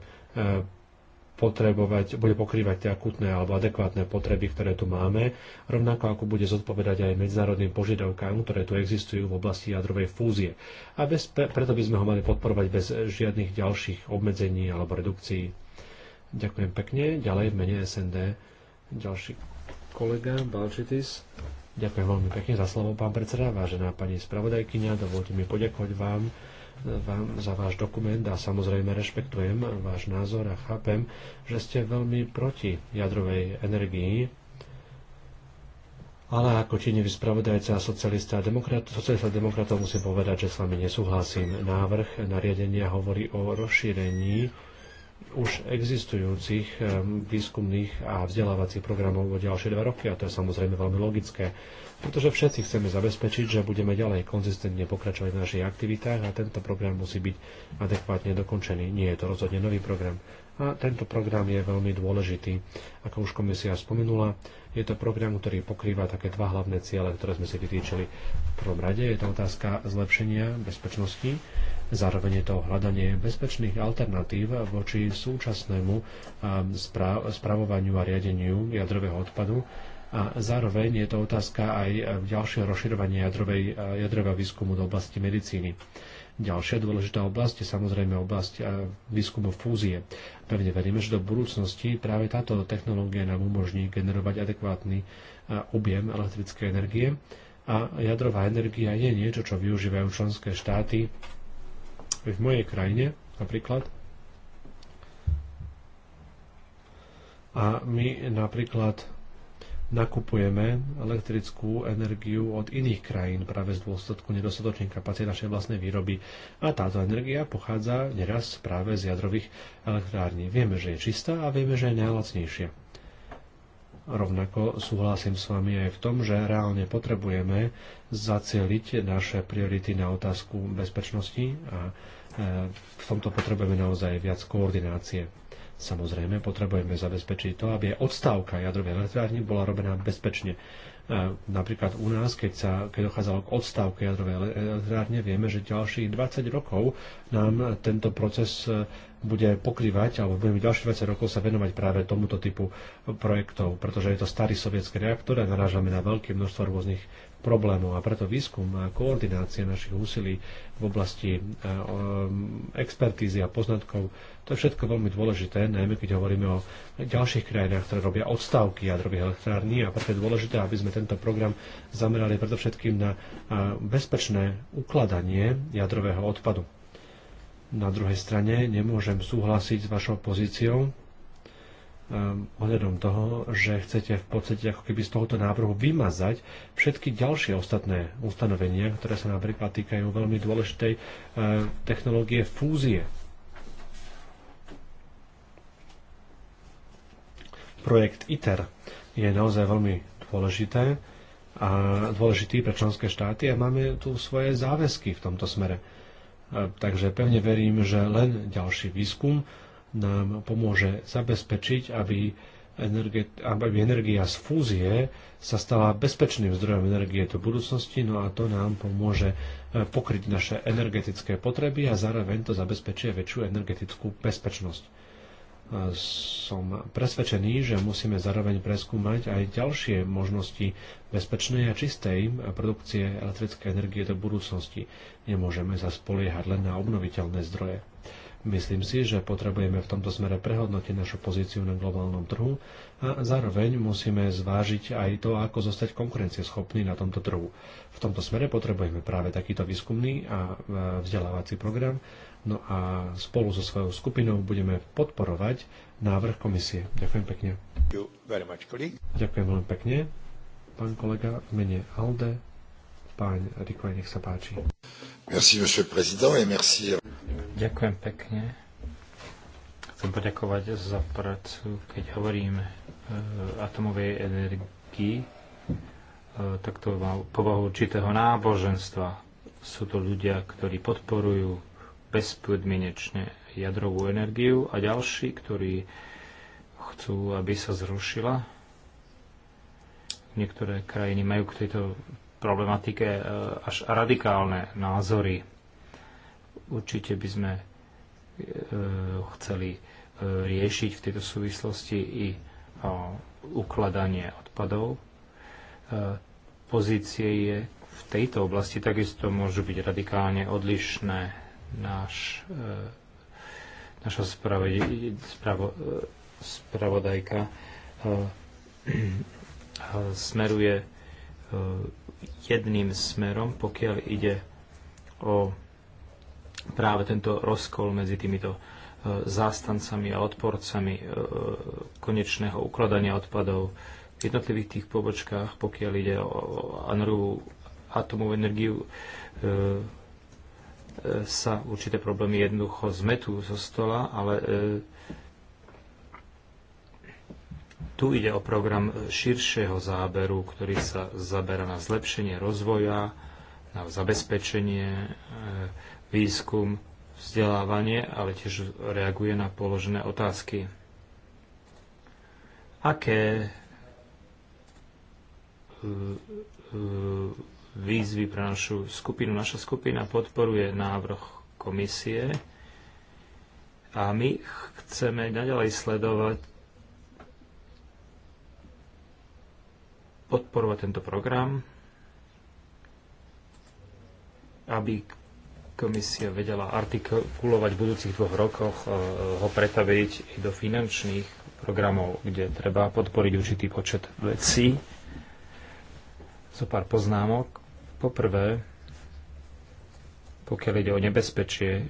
potrebovať, bude pokrývať tie akutné alebo adekvátne potreby, ktoré tu máme, rovnako ako bude zodpovedať aj medzinárodným požiadavkám, ktoré tu existujú v oblasti jadrovej fúzie. A bez, preto by sme ho mali podporovať bez žiadnych ďalších obmedzení alebo redukcií. Ďakujem pekne. Ďalej v mene SND ďalší kolega Balčitis. Ďakujem veľmi pekne za slovo, pán predseda, vážená pani spravodajkyňa. Dovolte mi poďakovať vám vám za váš dokument a samozrejme rešpektujem váš názor a chápem, že ste veľmi proti jadrovej energii. Ale ako činivý spravodajca a socialista a demokrat, socialista demokratov musím povedať, že s vami nesúhlasím. Návrh nariadenia hovorí o rozšírení už existujúcich výskumných a vzdelávacích programov o ďalšie dva roky a to je samozrejme veľmi logické, pretože všetci chceme zabezpečiť, že budeme ďalej konzistentne pokračovať v našich aktivitách a tento program musí byť adekvátne dokončený. Nie je to rozhodne nový program. A tento program je veľmi dôležitý. Ako už komisia spomenula, je to program, ktorý pokrýva také dva hlavné ciele, ktoré sme si vytýčili. V prvom rade je to otázka zlepšenia bezpečnosti Zároveň je to hľadanie bezpečných alternatív voči súčasnému um, spravovaniu a riadeniu jadrového odpadu a zároveň je to otázka aj e, ďalšieho rozširovania jadrovej, e, jadrového výskumu do oblasti medicíny. Ďalšia dôležitá oblasť je samozrejme oblasť e, výskumu fúzie. Pevne veríme, že do budúcnosti práve táto technológia nám umožní generovať adekvátny objem elektrickej energie a jadrová energia je niečo, čo využívajú členské štáty v mojej krajine napríklad. A my napríklad nakupujeme elektrickú energiu od iných krajín práve z dôsledku nedostatočných kapacít našej vlastnej výroby a táto energia pochádza neraz práve z jadrových elektrární. Vieme, že je čistá a vieme, že je najlacnejšia. Rovnako súhlasím s vami aj v tom, že reálne potrebujeme zacieliť naše priority na otázku bezpečnosti a v tomto potrebujeme naozaj viac koordinácie. Samozrejme, potrebujeme zabezpečiť to, aby odstávka jadrovej elektrárne bola robená bezpečne. Napríklad u nás, keď, sa, keď dochádzalo k odstávke jadrovej elektrárne, vieme, že ďalších 20 rokov nám tento proces e, bude pokrývať, alebo budeme ďalších 20 rokov sa venovať práve tomuto typu projektov, pretože je to starý sovietský reaktor a narážame na veľké množstvo rôznych problémov a preto výskum a koordinácia našich úsilí v oblasti e, e, expertízy a poznatkov, to je všetko veľmi dôležité, najmä keď hovoríme o ďalších krajinách, ktoré robia odstavky jadrových elektrární a preto je dôležité, aby sme tento program zamerali predovšetkým na e, bezpečné ukladanie jadrového odpadu. Na druhej strane nemôžem súhlasiť s vašou pozíciou, Ehm, ohľadom toho, že chcete v podstate ako keby z tohoto návrhu vymazať všetky ďalšie ostatné ustanovenia, ktoré sa napríklad týkajú veľmi dôležitej ehm, technológie fúzie. Projekt ITER je naozaj veľmi dôležité a dôležitý pre členské štáty a máme tu svoje záväzky v tomto smere. Ehm, takže pevne verím, že len ďalší výskum nám pomôže zabezpečiť, aby, energie, aby energia z fúzie sa stala bezpečným zdrojom energie do budúcnosti, no a to nám pomôže e, pokryť naše energetické potreby a zároveň to zabezpečuje väčšiu energetickú bezpečnosť. E, som presvedčený, že musíme zároveň preskúmať aj ďalšie možnosti bezpečnej a čistej produkcie elektrickej energie do budúcnosti. Nemôžeme sa spoliehať len na obnoviteľné zdroje. Myslím si, že potrebujeme v tomto smere prehodnotiť našu pozíciu na globálnom trhu a zároveň musíme zvážiť aj to, ako zostať konkurencieschopný na tomto trhu. V tomto smere potrebujeme práve takýto výskumný a vzdelávací program, no a spolu so svojou skupinou budeme podporovať návrh komisie. Ďakujem pekne. Ďakujem veľmi pekne, pán kolega, v mene ALDE Pán Rikoj, nech sa páči. Merci, monsieur président, et merci. Ďakujem pekne. Chcem poďakovať za prácu. Keď hovorím e, atomovej energii, e, tak to má povahu určitého náboženstva. Sú to ľudia, ktorí podporujú bezpodmienečne jadrovú energiu a ďalší, ktorí chcú, aby sa zrušila. Niektoré krajiny majú k tejto problematike e, až radikálne názory. Určite by sme e, chceli e, riešiť v tejto súvislosti i ukladanie odpadov. Pozície je v tejto oblasti takisto môžu byť radikálne odlišné. Náš, naša spravo- spravodajka smeruje jedným smerom, pokiaľ ide o práve tento rozkol medzi týmito e, zástancami a odporcami e, konečného ukladania odpadov v jednotlivých tých pobočkách, pokiaľ ide o anovú atomovú energiu, e, sa určité problémy jednoducho zmetú zo stola, ale tu ide o program širšieho záberu, ktorý sa zabera na zlepšenie rozvoja, na zabezpečenie, e, výskum, vzdelávanie, ale tiež reaguje na položené otázky. Aké e, e, výzvy pre našu skupinu. Naša skupina podporuje návrh komisie a my chceme naďalej sledovať podporovať tento program, aby komisia vedela artikulovať v budúcich dvoch rokoch, e, ho pretaviť do finančných programov, kde treba podporiť určitý počet vecí. Zo pár poznámok. Poprvé, pokiaľ ide o nebezpečie e, e,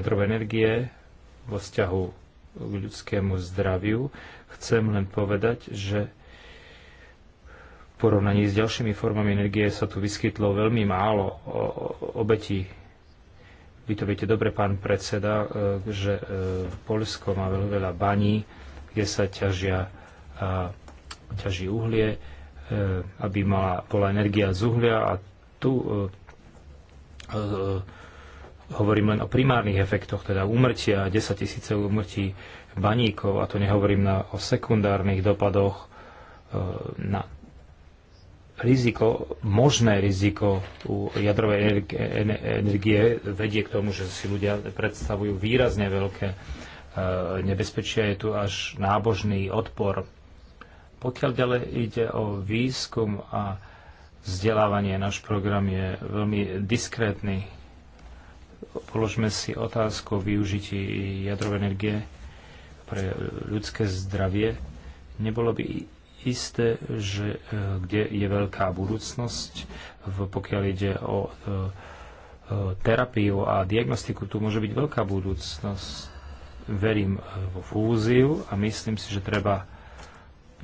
jadrovej energie vo vzťahu k ľudskému zdraviu, chcem len povedať, že v porovnaní s ďalšími formami energie sa tu vyskytlo veľmi málo obetí. Vy to viete dobre, pán predseda, e, že e, Polsko má veľmi veľa baní, kde sa ťažia, ťaží uhlie, e, aby mala, bola energia z uhlia a tu hovorím len o primárnych efektoch, teda úmrtia, 10 tisíce úmrtí baníkov, a to nehovorím na, o sekundárnych dopadoch na riziko, možné riziko u jadrovej energie vedie k tomu, že si ľudia predstavujú výrazne veľké e, nebezpečia. Je tu až nábožný odpor. Pokiaľ ďalej ide o výskum a vzdelávanie, náš program je veľmi diskrétny. Položme si otázku o využití jadrovej energie pre ľudské zdravie. Nebolo by isté, že e, kde je veľká budúcnosť, pokiaľ ide o e, e, terapiu a diagnostiku, tu môže byť veľká budúcnosť. Verím vo fúziu a myslím si, že treba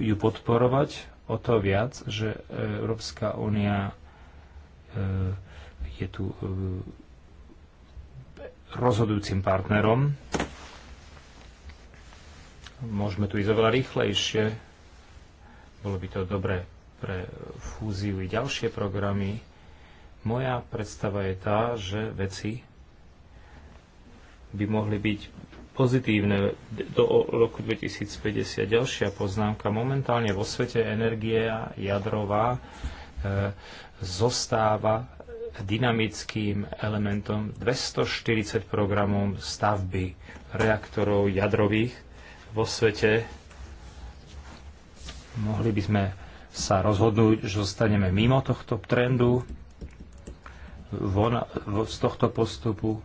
ju podporovať o to viac, že Európska únia je tu rozhodujúcim partnerom. Môžeme tu ísť oveľa rýchlejšie bolo by to dobré pre fúziu i ďalšie programy. Moja predstava je tá, že veci by mohli byť pozitívne do roku 2050. Ďalšia poznámka. Momentálne vo svete energia jadrová e, zostáva dynamickým elementom 240 programov stavby reaktorov jadrových vo svete mohli by sme sa rozhodnúť, že zostaneme mimo tohto trendu, von, z tohto postupu.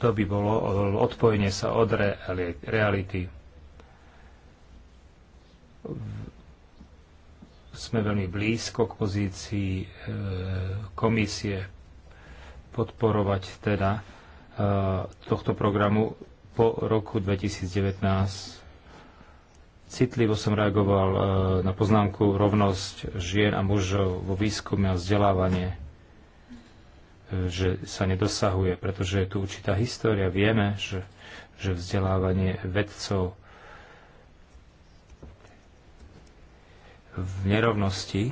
To by bolo odpojenie sa od reality. Sme veľmi blízko k pozícii e, komisie podporovať teda e, tohto programu po roku 2019 Citlivo som reagoval e, na poznámku rovnosť žien a mužov vo výskume a vzdelávanie, e, že sa nedosahuje, pretože je tu určitá história. Vieme, že, že vzdelávanie vedcov v nerovnosti,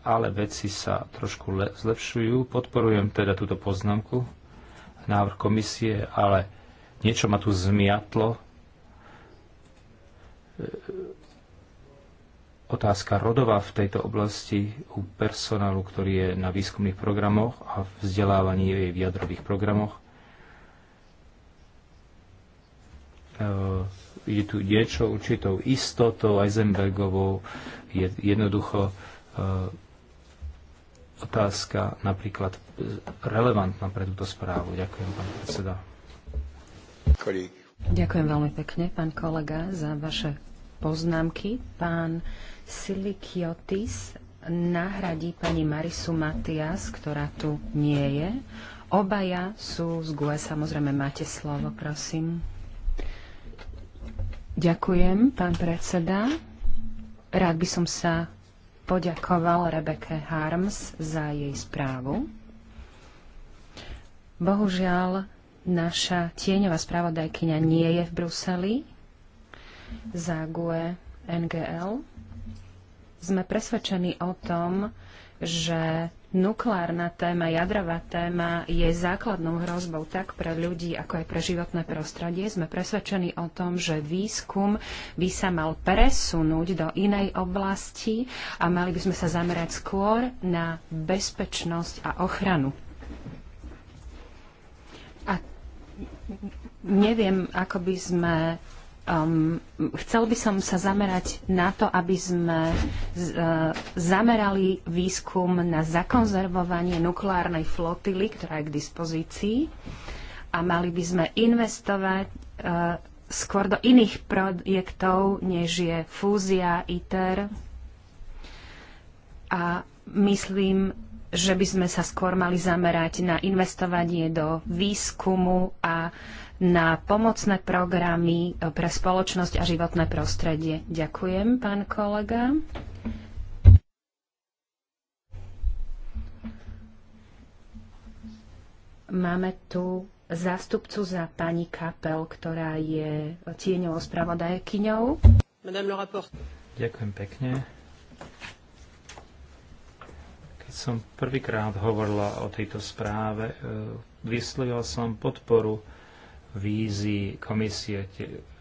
ale veci sa trošku zlepšujú. Podporujem teda túto poznámku, návrh komisie, ale niečo ma tu zmiatlo, otázka rodová v tejto oblasti u personálu, ktorý je na výskumných programoch a vzdelávaní jej v jadrových programoch. E, je tu niečo určitou istotou Eisenbergovou, je jednoducho e, otázka napríklad relevantná pre túto správu. Ďakujem, pán predseda. Kolík. Ďakujem veľmi pekne, pán kolega, za vaše poznámky. Pán Silikiotis nahradí pani Marisu Matias, ktorá tu nie je. Obaja sú z GUE. Samozrejme, máte slovo, prosím. Ďakujem, pán predseda. Rád by som sa poďakoval Rebeke Harms za jej správu. Bohužiaľ, Naša tieňová spravodajkyňa nie je v Bruseli. za Gue NGL. Sme presvedčení o tom, že nukleárna téma, jadrová téma je základnou hrozbou tak pre ľudí, ako aj pre životné prostredie. Sme presvedčení o tom, že výskum by sa mal presunúť do inej oblasti a mali by sme sa zamerať skôr na bezpečnosť a ochranu neviem, ako by sme um, chcel by som sa zamerať na to, aby sme z, uh, zamerali výskum na zakonzervovanie nukleárnej flotily, ktorá je k dispozícii a mali by sme investovať uh, skôr do iných projektov, než je fúzia ITER a myslím, že by sme sa skôr mali zamerať na investovanie do výskumu a na pomocné programy e, pre spoločnosť a životné prostredie. Ďakujem, pán kolega. Máme tu zástupcu za pani Kapel, ktorá je tieňovou spravodajkyňou. Ďakujem pekne. Keď som prvýkrát hovorila o tejto správe, e, vyslovil som podporu vízii komisie.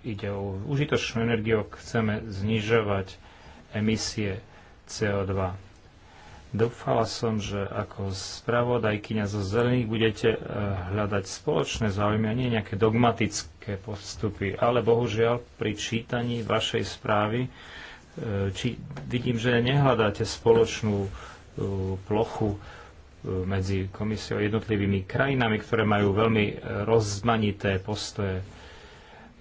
Ide o užitočnú energiu, chceme znižovať emisie CO2. Dúfala som, že ako spravodajkyňa zo zelených budete e, hľadať spoločné záujmy a nie nejaké dogmatické postupy. Ale bohužiaľ pri čítaní vašej správy e, či, vidím, že nehľadáte spoločnú plochu e, medzi komisiou a jednotlivými krajinami, ktoré majú veľmi e, rozmanité postoje.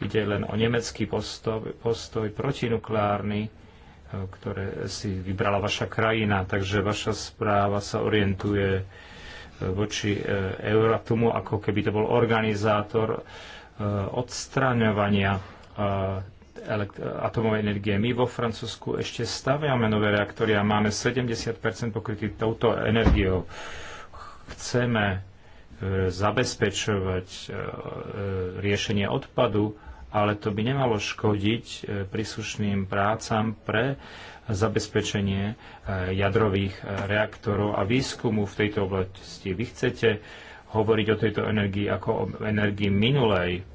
Ide len o nemecký postoj, postoj protinukleárny, e, ktoré si vybrala vaša krajina, takže vaša správa sa orientuje voči Euratomu, ako keby to bol organizátor odstraňovania atomovej energie. My vo Francúzsku ešte staviame nové reaktory a máme 70 pokrytý touto energiou. Chceme e, zabezpečovať e, e, riešenie odpadu, ale to by nemalo škodiť príslušným prácam pre zabezpečenie jadrových reaktorov a výskumu v tejto oblasti. Vy chcete hovoriť o tejto energii ako o energii minulej.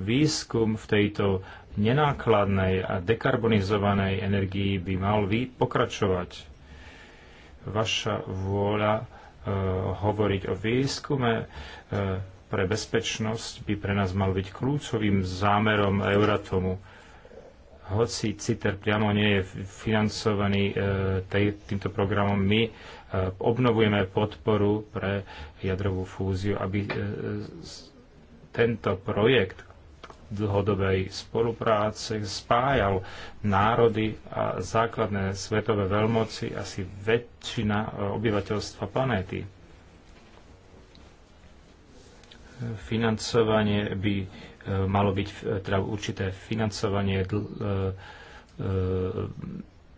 Výskum v tejto nenákladnej a dekarbonizovanej energii by mal vy pokračovať. Vaša vôľa e, hovoriť o výskume e, pre bezpečnosť by pre nás mal byť kľúčovým zámerom Euratomu. Hoci CITER priamo nie je financovaný e, tej, týmto programom, my e, obnovujeme podporu pre jadrovú fúziu, aby e, tento projekt, dlhodobej spolupráce spájal národy a základné svetové veľmoci, asi väčšina e, obyvateľstva planéty. Financovanie by e, malo byť e, teda určité financovanie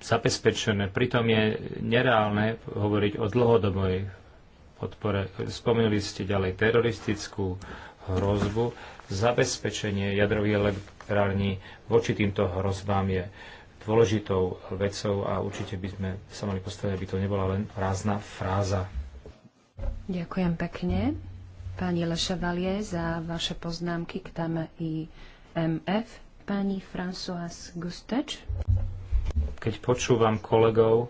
zabezpečené. Pritom je nereálne hovoriť o dlhodobej podpore. Spomenuli ste ďalej teroristickú hrozbu zabezpečenie jadrových elektrární voči týmto hrozbám je dôležitou vecou a určite by sme sa mali postaviť, aby to nebola len prázdna fráza. Ďakujem pekne, pani Lešavalie, za vaše poznámky k téme IMF. Pani François Gusteč. Keď počúvam kolegov,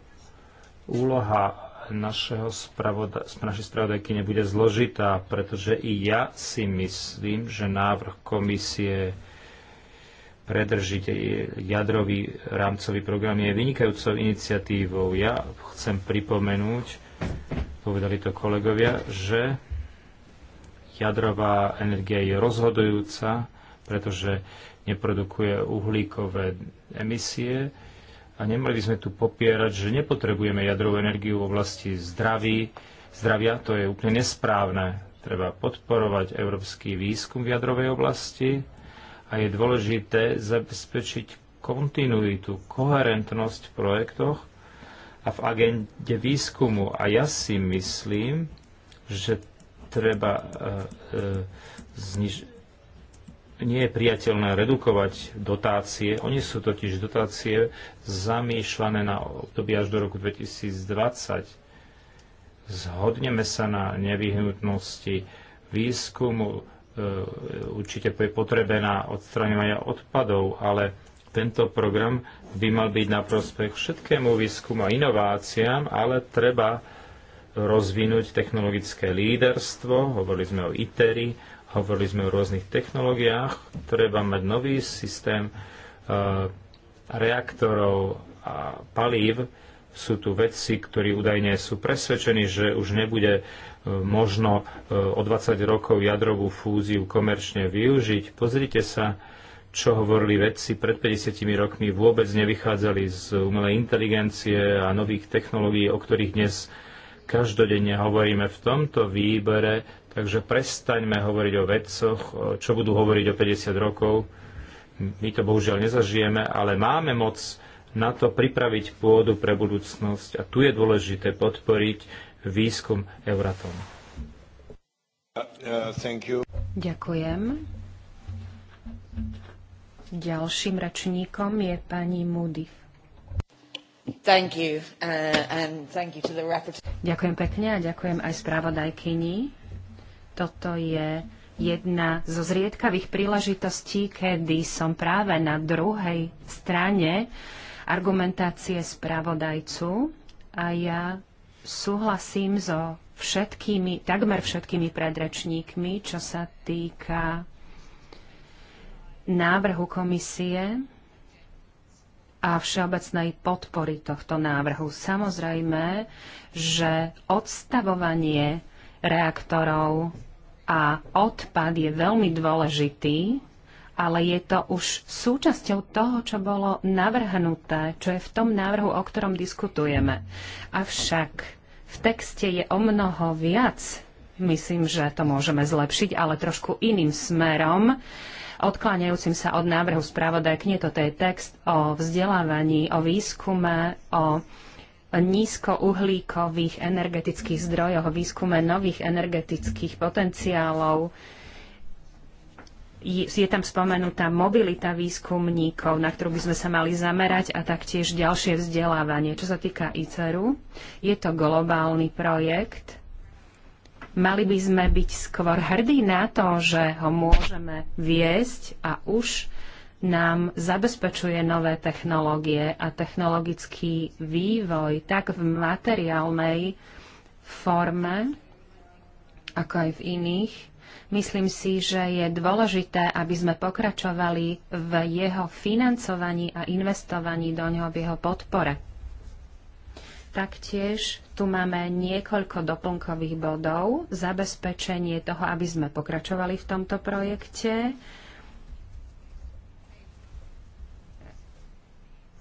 úloha našeho spravoda- našej spravodajky nebude zložitá, pretože i ja si myslím, že návrh komisie predržiť jadrový rámcový program je vynikajúcou iniciatívou. Ja chcem pripomenúť, povedali to kolegovia, že jadrová energia je rozhodujúca, pretože neprodukuje uhlíkové emisie, a nemali by sme tu popierať, že nepotrebujeme jadrovú energiu v oblasti zdraví, zdravia. To je úplne nesprávne. Treba podporovať európsky výskum v jadrovej oblasti a je dôležité zabezpečiť kontinuitu, koherentnosť v projektoch a v agende výskumu. A ja si myslím, že treba e, e, zniž- nie je priateľné redukovať dotácie. Oni sú totiž dotácie zamýšľané na obdobie až do roku 2020. Zhodneme sa na nevyhnutnosti výskumu, e, určite je potrebe na odstraňovanie odpadov, ale tento program by mal byť na prospech všetkému výskumu a inováciám, ale treba rozvinúť technologické líderstvo, hovorili sme o ITERI, Hovorili sme o rôznych technológiách, treba mať nový systém e, reaktorov a palív. Sú tu vedci, ktorí údajne sú presvedčení, že už nebude e, možno e, o 20 rokov jadrovú fúziu komerčne využiť. Pozrite sa, čo hovorili vedci pred 50 rokmi, vôbec nevychádzali z umelej inteligencie a nových technológií, o ktorých dnes každodenne hovoríme v tomto výbere, Takže prestaňme hovoriť o vedcoch, čo budú hovoriť o 50 rokov. My to bohužiaľ nezažijeme, ale máme moc na to pripraviť pôdu pre budúcnosť a tu je dôležité podporiť výskum Euratom. Ďakujem. Ďalším rečníkom je pani Moody. Uh, ďakujem pekne a ďakujem aj správodajkyni toto je jedna zo zriedkavých príležitostí, kedy som práve na druhej strane argumentácie spravodajcu a ja súhlasím so všetkými, takmer všetkými predrečníkmi, čo sa týka návrhu komisie a všeobecnej podpory tohto návrhu. Samozrejme, že odstavovanie reaktorov a odpad je veľmi dôležitý, ale je to už súčasťou toho, čo bolo navrhnuté, čo je v tom návrhu, o ktorom diskutujeme. Avšak v texte je o mnoho viac. Myslím, že to môžeme zlepšiť, ale trošku iným smerom odkláňajúcim sa od návrhu spravodajkne. Toto je text o vzdelávaní, o výskume, o nízkouhlíkových energetických zdrojoch, výskume nových energetických potenciálov. Je tam spomenutá mobilita výskumníkov, na ktorú by sme sa mali zamerať a taktiež ďalšie vzdelávanie. Čo sa týka ICERu, je to globálny projekt. Mali by sme byť skôr hrdí na to, že ho môžeme viesť a už nám zabezpečuje nové technológie a technologický vývoj tak v materiálnej forme, ako aj v iných. Myslím si, že je dôležité, aby sme pokračovali v jeho financovaní a investovaní do neho v jeho podpore. Taktiež tu máme niekoľko doplnkových bodov. Zabezpečenie toho, aby sme pokračovali v tomto projekte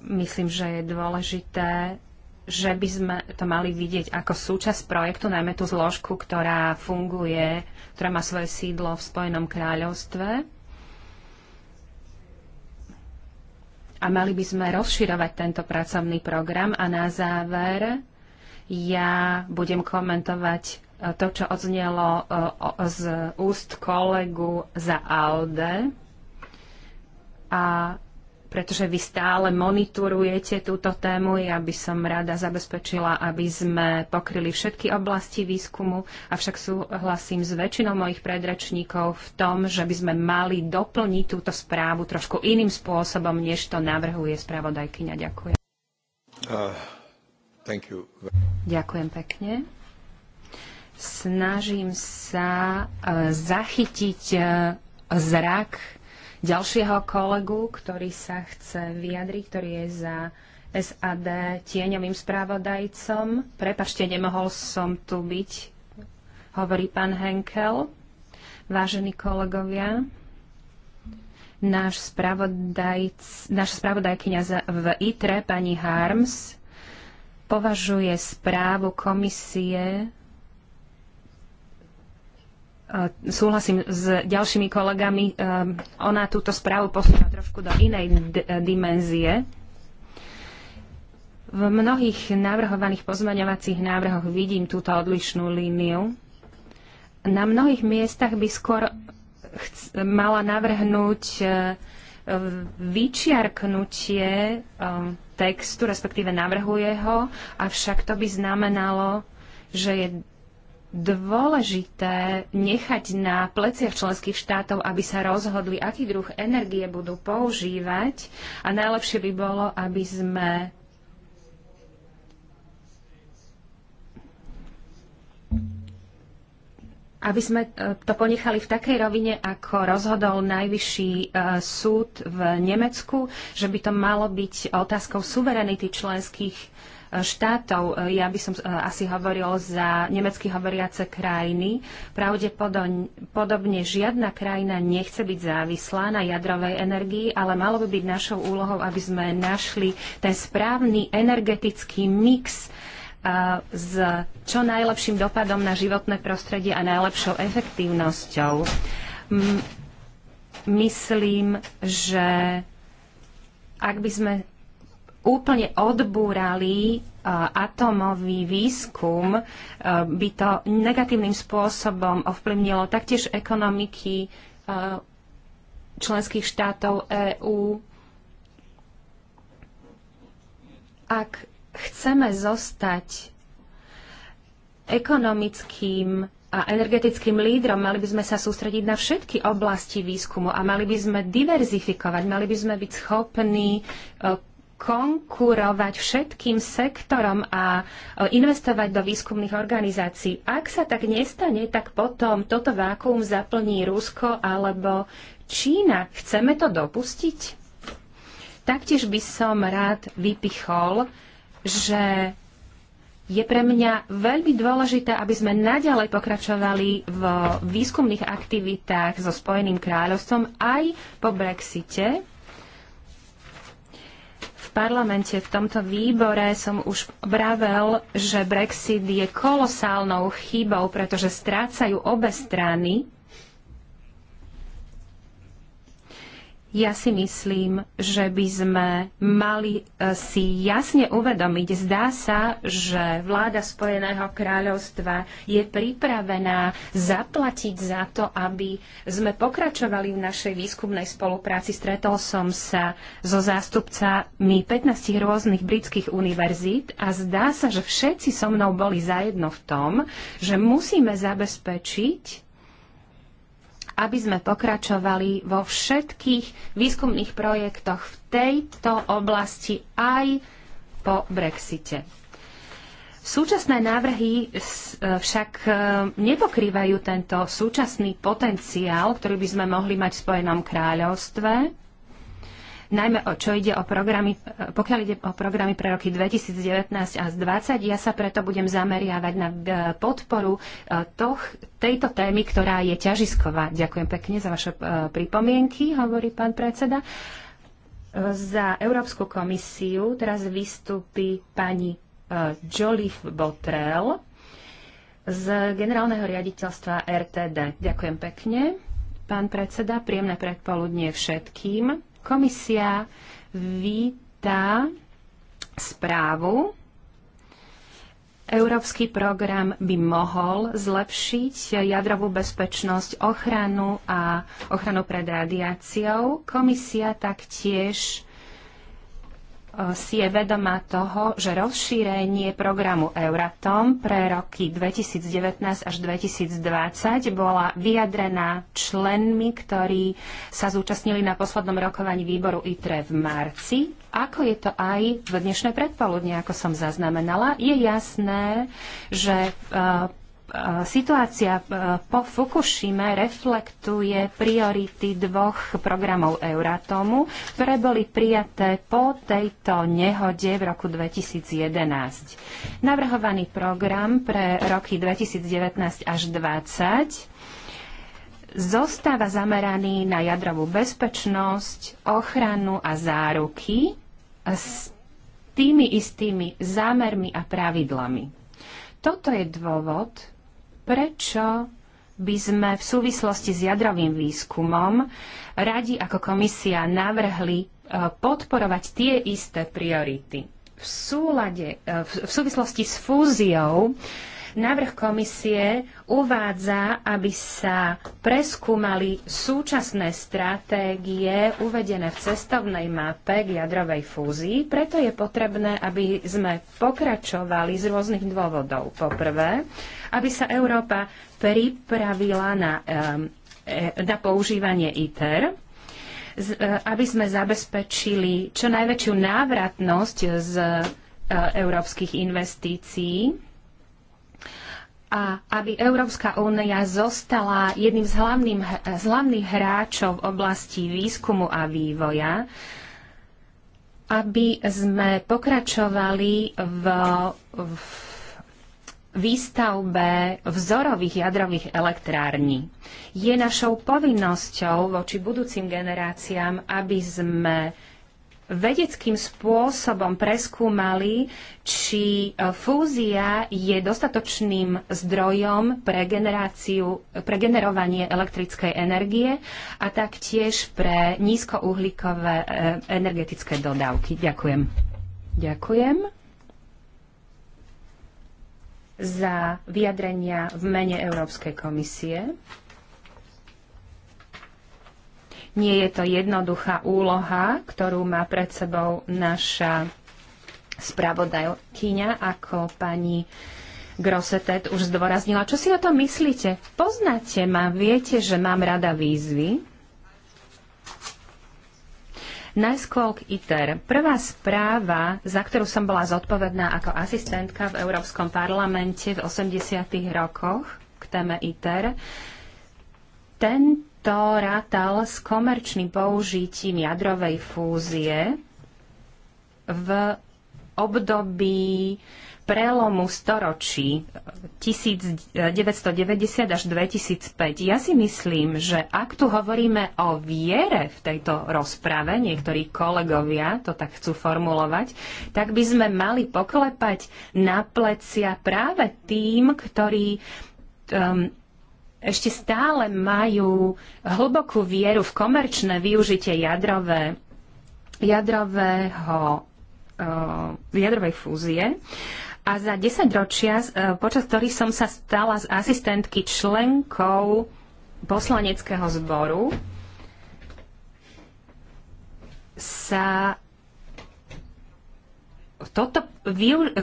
Myslím, že je dôležité, že by sme to mali vidieť ako súčasť projektu, najmä tú zložku, ktorá funguje, ktorá má svoje sídlo v Spojenom kráľovstve. A mali by sme rozširovať tento pracovný program. A na záver ja budem komentovať e, to, čo odznelo e, z úst kolegu za ALDE. A pretože vy stále monitorujete túto tému. Ja by som rada zabezpečila, aby sme pokryli všetky oblasti výskumu, avšak súhlasím s väčšinou mojich predrečníkov v tom, že by sme mali doplniť túto správu trošku iným spôsobom, než to navrhuje spravodajkyňa. Ďakujem. Uh, Ďakujem pekne snažím sa uh, zachytiť uh, zrak ďalšieho kolegu, ktorý sa chce vyjadriť, ktorý je za SAD tieňovým správodajcom. Prepašte, nemohol som tu byť, hovorí pán Henkel. Vážení kolegovia, náš, spravodajc, náš spravodajkyňa v ITRE, pani Harms, považuje správu komisie súhlasím s ďalšími kolegami, eh, ona túto správu posúva trošku do inej dimenzie. V mnohých navrhovaných pozmeňovacích návrhoch vidím túto odlišnú líniu. Na mnohých miestach by skôr mala navrhnúť eh, vyčiarknutie eh, textu, respektíve navrhuje ho, avšak to by znamenalo, že je dôležité nechať na pleciach členských štátov, aby sa rozhodli, aký druh energie budú používať a najlepšie by bolo, aby sme aby sme e, to ponechali v takej rovine, ako rozhodol najvyšší e, súd v Nemecku, že by to malo byť otázkou suverenity členských štátov. E, ja by som e, asi hovoril za nemecky hovoriace krajiny. Pravdepodobne žiadna krajina nechce byť závislá na jadrovej energii, ale malo by byť našou úlohou, aby sme našli ten správny energetický mix e, s čo najlepším dopadom na životné prostredie a najlepšou efektívnosťou. Myslím, že ak by sme úplne odbúrali e, atomový výskum, e, by to negatívnym spôsobom ovplyvnilo taktiež ekonomiky e, členských štátov EÚ. Ak chceme zostať ekonomickým a energetickým lídrom, mali by sme sa sústrediť na všetky oblasti výskumu a mali by sme diverzifikovať, mali by sme byť schopní konkurovať všetkým sektorom a e, investovať do výskumných organizácií. Ak sa tak nestane, tak potom toto vákuum zaplní Rusko alebo Čína. Chceme to dopustiť? Taktiež by som rád vypichol, že je pre mňa veľmi dôležité, aby sme naďalej pokračovali v výskumných aktivitách so Spojeným kráľovstvom aj po Brexite parlamente, v tomto výbore som už vravel, že Brexit je kolosálnou chybou, pretože strácajú obe strany Ja si myslím, že by sme mali e, si jasne uvedomiť, zdá sa, že vláda Spojeného kráľovstva je pripravená zaplatiť za to, aby sme pokračovali v našej výskumnej spolupráci. Stretol som sa so zástupcami 15 rôznych britských univerzít a zdá sa, že všetci so mnou boli zajedno v tom, že musíme zabezpečiť aby sme pokračovali vo všetkých výskumných projektoch v tejto oblasti aj po Brexite. Súčasné návrhy e, však e, nepokrývajú tento súčasný potenciál, ktorý by sme mohli mať v Spojenom kráľovstve najmä o čo ide o programy, pokiaľ ide o programy pre roky 2019 a 2020, ja sa preto budem zameriavať na e, podporu e, toh, tejto témy, ktorá je ťažisková. Ďakujem pekne za vaše e, pripomienky, hovorí pán predseda. Za Európsku komisiu teraz vystúpi pani Jolie Botrel z generálneho riaditeľstva RTD. Ďakujem pekne. Pán predseda, príjemné predpoludnie všetkým. Komisia víta správu. Európsky program by mohol zlepšiť jadrovú bezpečnosť, ochranu a ochranu pred radiáciou. Komisia taktiež si je vedomá toho, že rozšírenie programu Euratom pre roky 2019 až 2020 bola vyjadrená členmi, ktorí sa zúčastnili na poslednom rokovaní výboru ITRE v marci. Ako je to aj v dnešné predpoludne, ako som zaznamenala, je jasné, že eh, Eh, situácia eh, po Fukushime reflektuje priority dvoch programov Euratomu, ktoré boli prijaté po tejto nehode v roku 2011. Navrhovaný program pre roky 2019 až 2020 zostáva zameraný na jadrovú bezpečnosť, ochranu a záruky s tými istými zámermi a pravidlami. Toto je dôvod, prečo by sme v súvislosti s jadrovým výskumom radi ako komisia navrhli e, podporovať tie isté priority. V, súlade, e, v súvislosti s fúziou Návrh komisie uvádza, aby sa preskúmali súčasné stratégie uvedené v cestovnej mape k jadrovej fúzii, preto je potrebné, aby sme pokračovali z rôznych dôvodov. Poprvé, aby sa Európa pripravila na, e, na používanie ITER, e, aby sme zabezpečili čo najväčšiu návratnosť z e, európskych investícií a aby Európska únia zostala jedným z, hlavným, z hlavných hráčov v oblasti výskumu a vývoja, aby sme pokračovali v, v výstavbe vzorových jadrových elektrární. Je našou povinnosťou voči budúcim generáciám, aby sme vedeckým spôsobom preskúmali, či e, fúzia je dostatočným zdrojom pre, generáciu, pre generovanie elektrickej energie a taktiež pre nízkouhlíkové e, energetické dodávky. Ďakujem. Ďakujem za vyjadrenia v mene Európskej komisie. Nie je to jednoduchá úloha, ktorú má pred sebou naša spravodajkyňa, ako pani Grosetet už zdôraznila. Čo si o tom myslíte? Poznáte ma, viete, že mám rada výzvy. Najskôr ITER. Prvá správa, za ktorú som bola zodpovedná ako asistentka v Európskom parlamente v 80. rokoch k téme ITER, ten, to rátal s komerčným použitím jadrovej fúzie v období prelomu storočí 1990 až 2005. Ja si myslím, že ak tu hovoríme o viere v tejto rozprave, niektorí kolegovia to tak chcú formulovať, tak by sme mali poklepať na plecia práve tým, ktorí um, ešte stále majú hlbokú vieru v komerčné využitie jadrové, jadrového, eh, jadrovej fúzie. A za 10 ročia, eh, počas ktorých som sa stala z asistentky členkou poslaneckého zboru, sa toto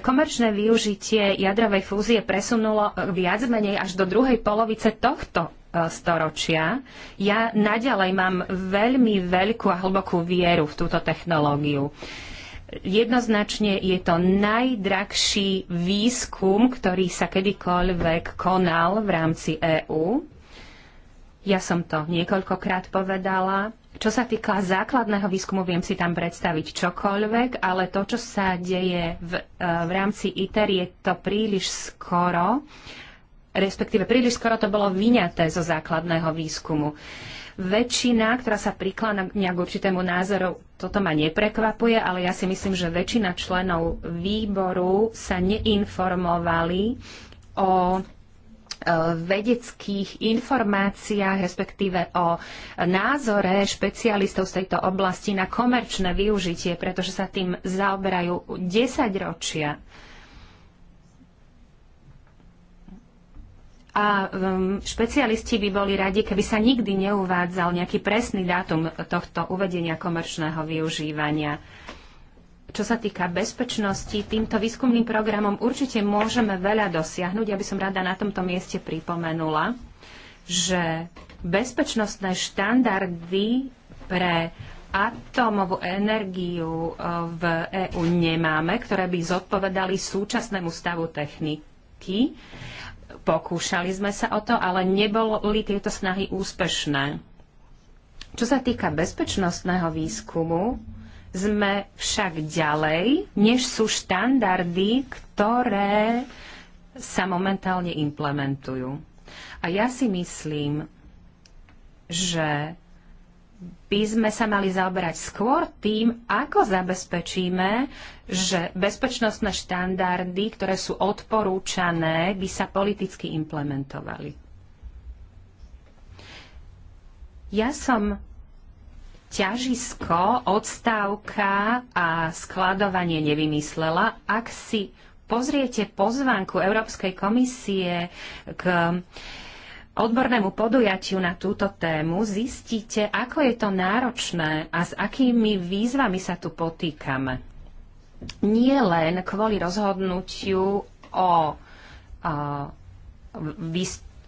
komerčné využitie jadrovej fúzie presunulo eh, viac menej až do druhej polovice tohto eh, storočia. Ja naďalej mám veľmi veľkú a hlbokú vieru v túto technológiu. Jednoznačne je to najdrahší výskum, ktorý sa kedykoľvek konal v rámci EÚ. Ja som to niekoľkokrát povedala. Čo sa týka základného výskumu, viem si tam predstaviť čokoľvek, ale to, čo sa deje v, e, v rámci ITER, je to príliš skoro, respektíve príliš skoro to bolo vyňaté zo základného výskumu. Väčšina, ktorá sa prikláňa k určitému názoru, toto ma neprekvapuje, ale ja si myslím, že väčšina členov výboru sa neinformovali o vedeckých informáciách, respektíve o názore špecialistov z tejto oblasti na komerčné využitie, pretože sa tým zaoberajú 10 ročia. a um, špecialisti by boli radi, keby sa nikdy neuvádzal nejaký presný dátum tohto uvedenia komerčného využívania čo sa týka bezpečnosti, týmto výskumným programom určite môžeme veľa dosiahnuť. Ja by som rada na tomto mieste pripomenula, že bezpečnostné štandardy pre atómovú energiu eh, v EÚ nemáme, ktoré by zodpovedali súčasnému stavu techniky. Pokúšali sme sa o to, ale neboli tieto snahy úspešné. Čo sa týka bezpečnostného výskumu, sme však ďalej, než sú štandardy, ktoré sa momentálne implementujú. A ja si myslím, že by sme sa mali zaoberať skôr tým, ako zabezpečíme, že bezpečnostné štandardy, ktoré sú odporúčané, by sa politicky implementovali. Ja som ťažisko, odstávka a skladovanie nevymyslela. Ak si pozriete pozvánku Európskej komisie k odbornému podujatiu na túto tému, zistíte, ako je to náročné a s akými výzvami sa tu potýkame. Nie len kvôli rozhodnutiu o, o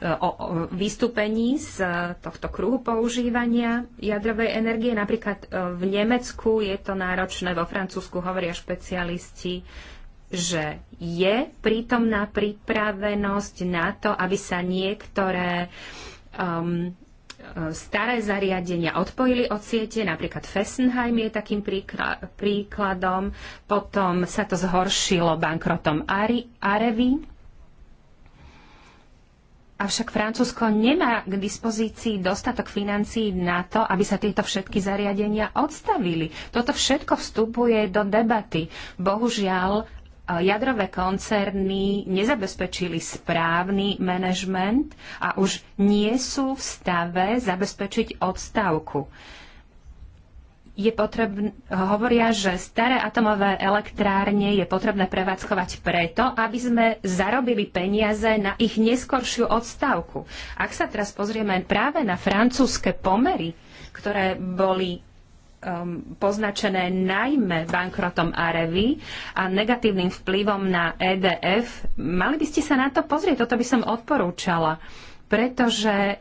o, o vystúpení z e, tohto kruhu používania jadrovej energie. Napríklad e, v Nemecku je to náročné, vo Francúzsku hovoria špecialisti, že je prítomná pripravenosť na to, aby sa niektoré um, e, staré zariadenia odpojili od siete, napríklad Fessenheim je takým príkladom, potom sa to zhoršilo bankrotom Arevy, Avšak Francúzsko nemá k dispozícii dostatok financií na to, aby sa tieto všetky zariadenia odstavili. Toto všetko vstupuje do debaty. Bohužiaľ, e, jadrové koncerny nezabezpečili správny manažment a už nie sú v stave zabezpečiť odstavku je potrebné, hovoria, že staré atomové elektrárne je potrebné prevádzkovať preto, aby sme zarobili peniaze na ich neskoršiu odstávku. Ak sa teraz pozrieme práve na francúzske pomery, ktoré boli um, poznačené najmä bankrotom Arevy a negatívnym vplyvom na EDF. Mali by ste sa na to pozrieť, toto by som odporúčala, pretože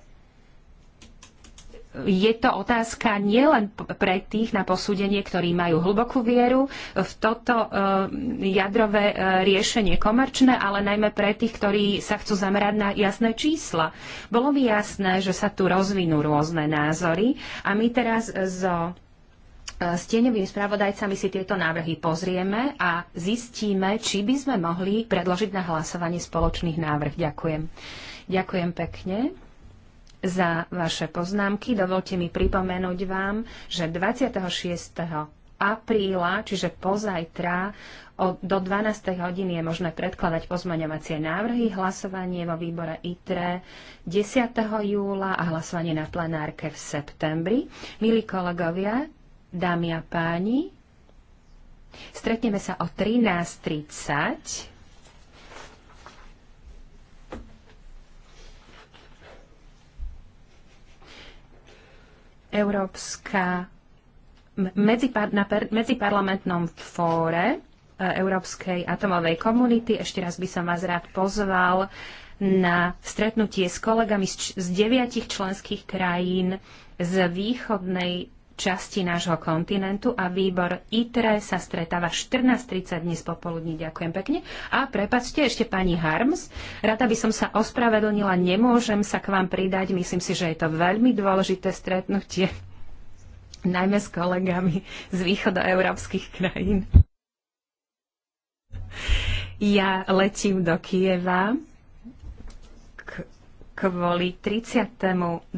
je to otázka nielen pre tých na posúdenie, ktorí majú hlbokú vieru v toto e, jadrové e, riešenie komerčné, ale najmä pre tých, ktorí sa chcú zamerať na jasné čísla. Bolo by jasné, že sa tu rozvinú rôzne názory a my teraz zo e, s tieňovými spravodajcami si tieto návrhy pozrieme a zistíme, či by sme mohli predložiť na hlasovanie spoločných návrh. Ďakujem. Ďakujem pekne za vaše poznámky. Dovolte mi pripomenúť vám, že 26 apríla, čiže pozajtra do 12. hodiny je možné predkladať pozmaňovacie návrhy, hlasovanie vo výbore ITRE 10. júla a hlasovanie na plenárke v septembri. Milí kolegovia, dámy a páni, stretneme sa o 13.30 Európska na medziparlamentnom fóre e, Európskej atomovej komunity. Ešte raz by som vás rád pozval na stretnutie s kolegami z deviatich členských krajín z východnej časti nášho kontinentu a výbor ITRE sa stretáva 14.30 dnes popoludní. Ďakujem pekne. A prepačte ešte pani Harms. Rada by som sa ospravedlnila, nemôžem sa k vám pridať. Myslím si, že je to veľmi dôležité stretnutie, najmä s kolegami z východoeurópskych krajín. Ja letím do Kieva kvôli 32.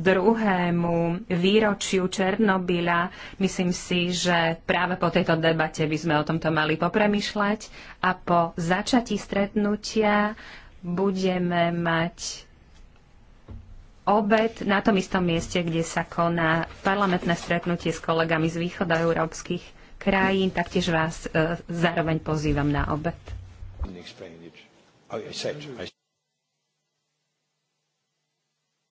výročiu Černobyľa, Myslím si, že práve po tejto debate by sme o tomto mali popremýšľať a po začatí stretnutia budeme mať obed na tom istom mieste, kde sa koná parlamentné stretnutie s kolegami z východoeurópskych krajín. Taktiež vás e, zároveň pozývam na obed.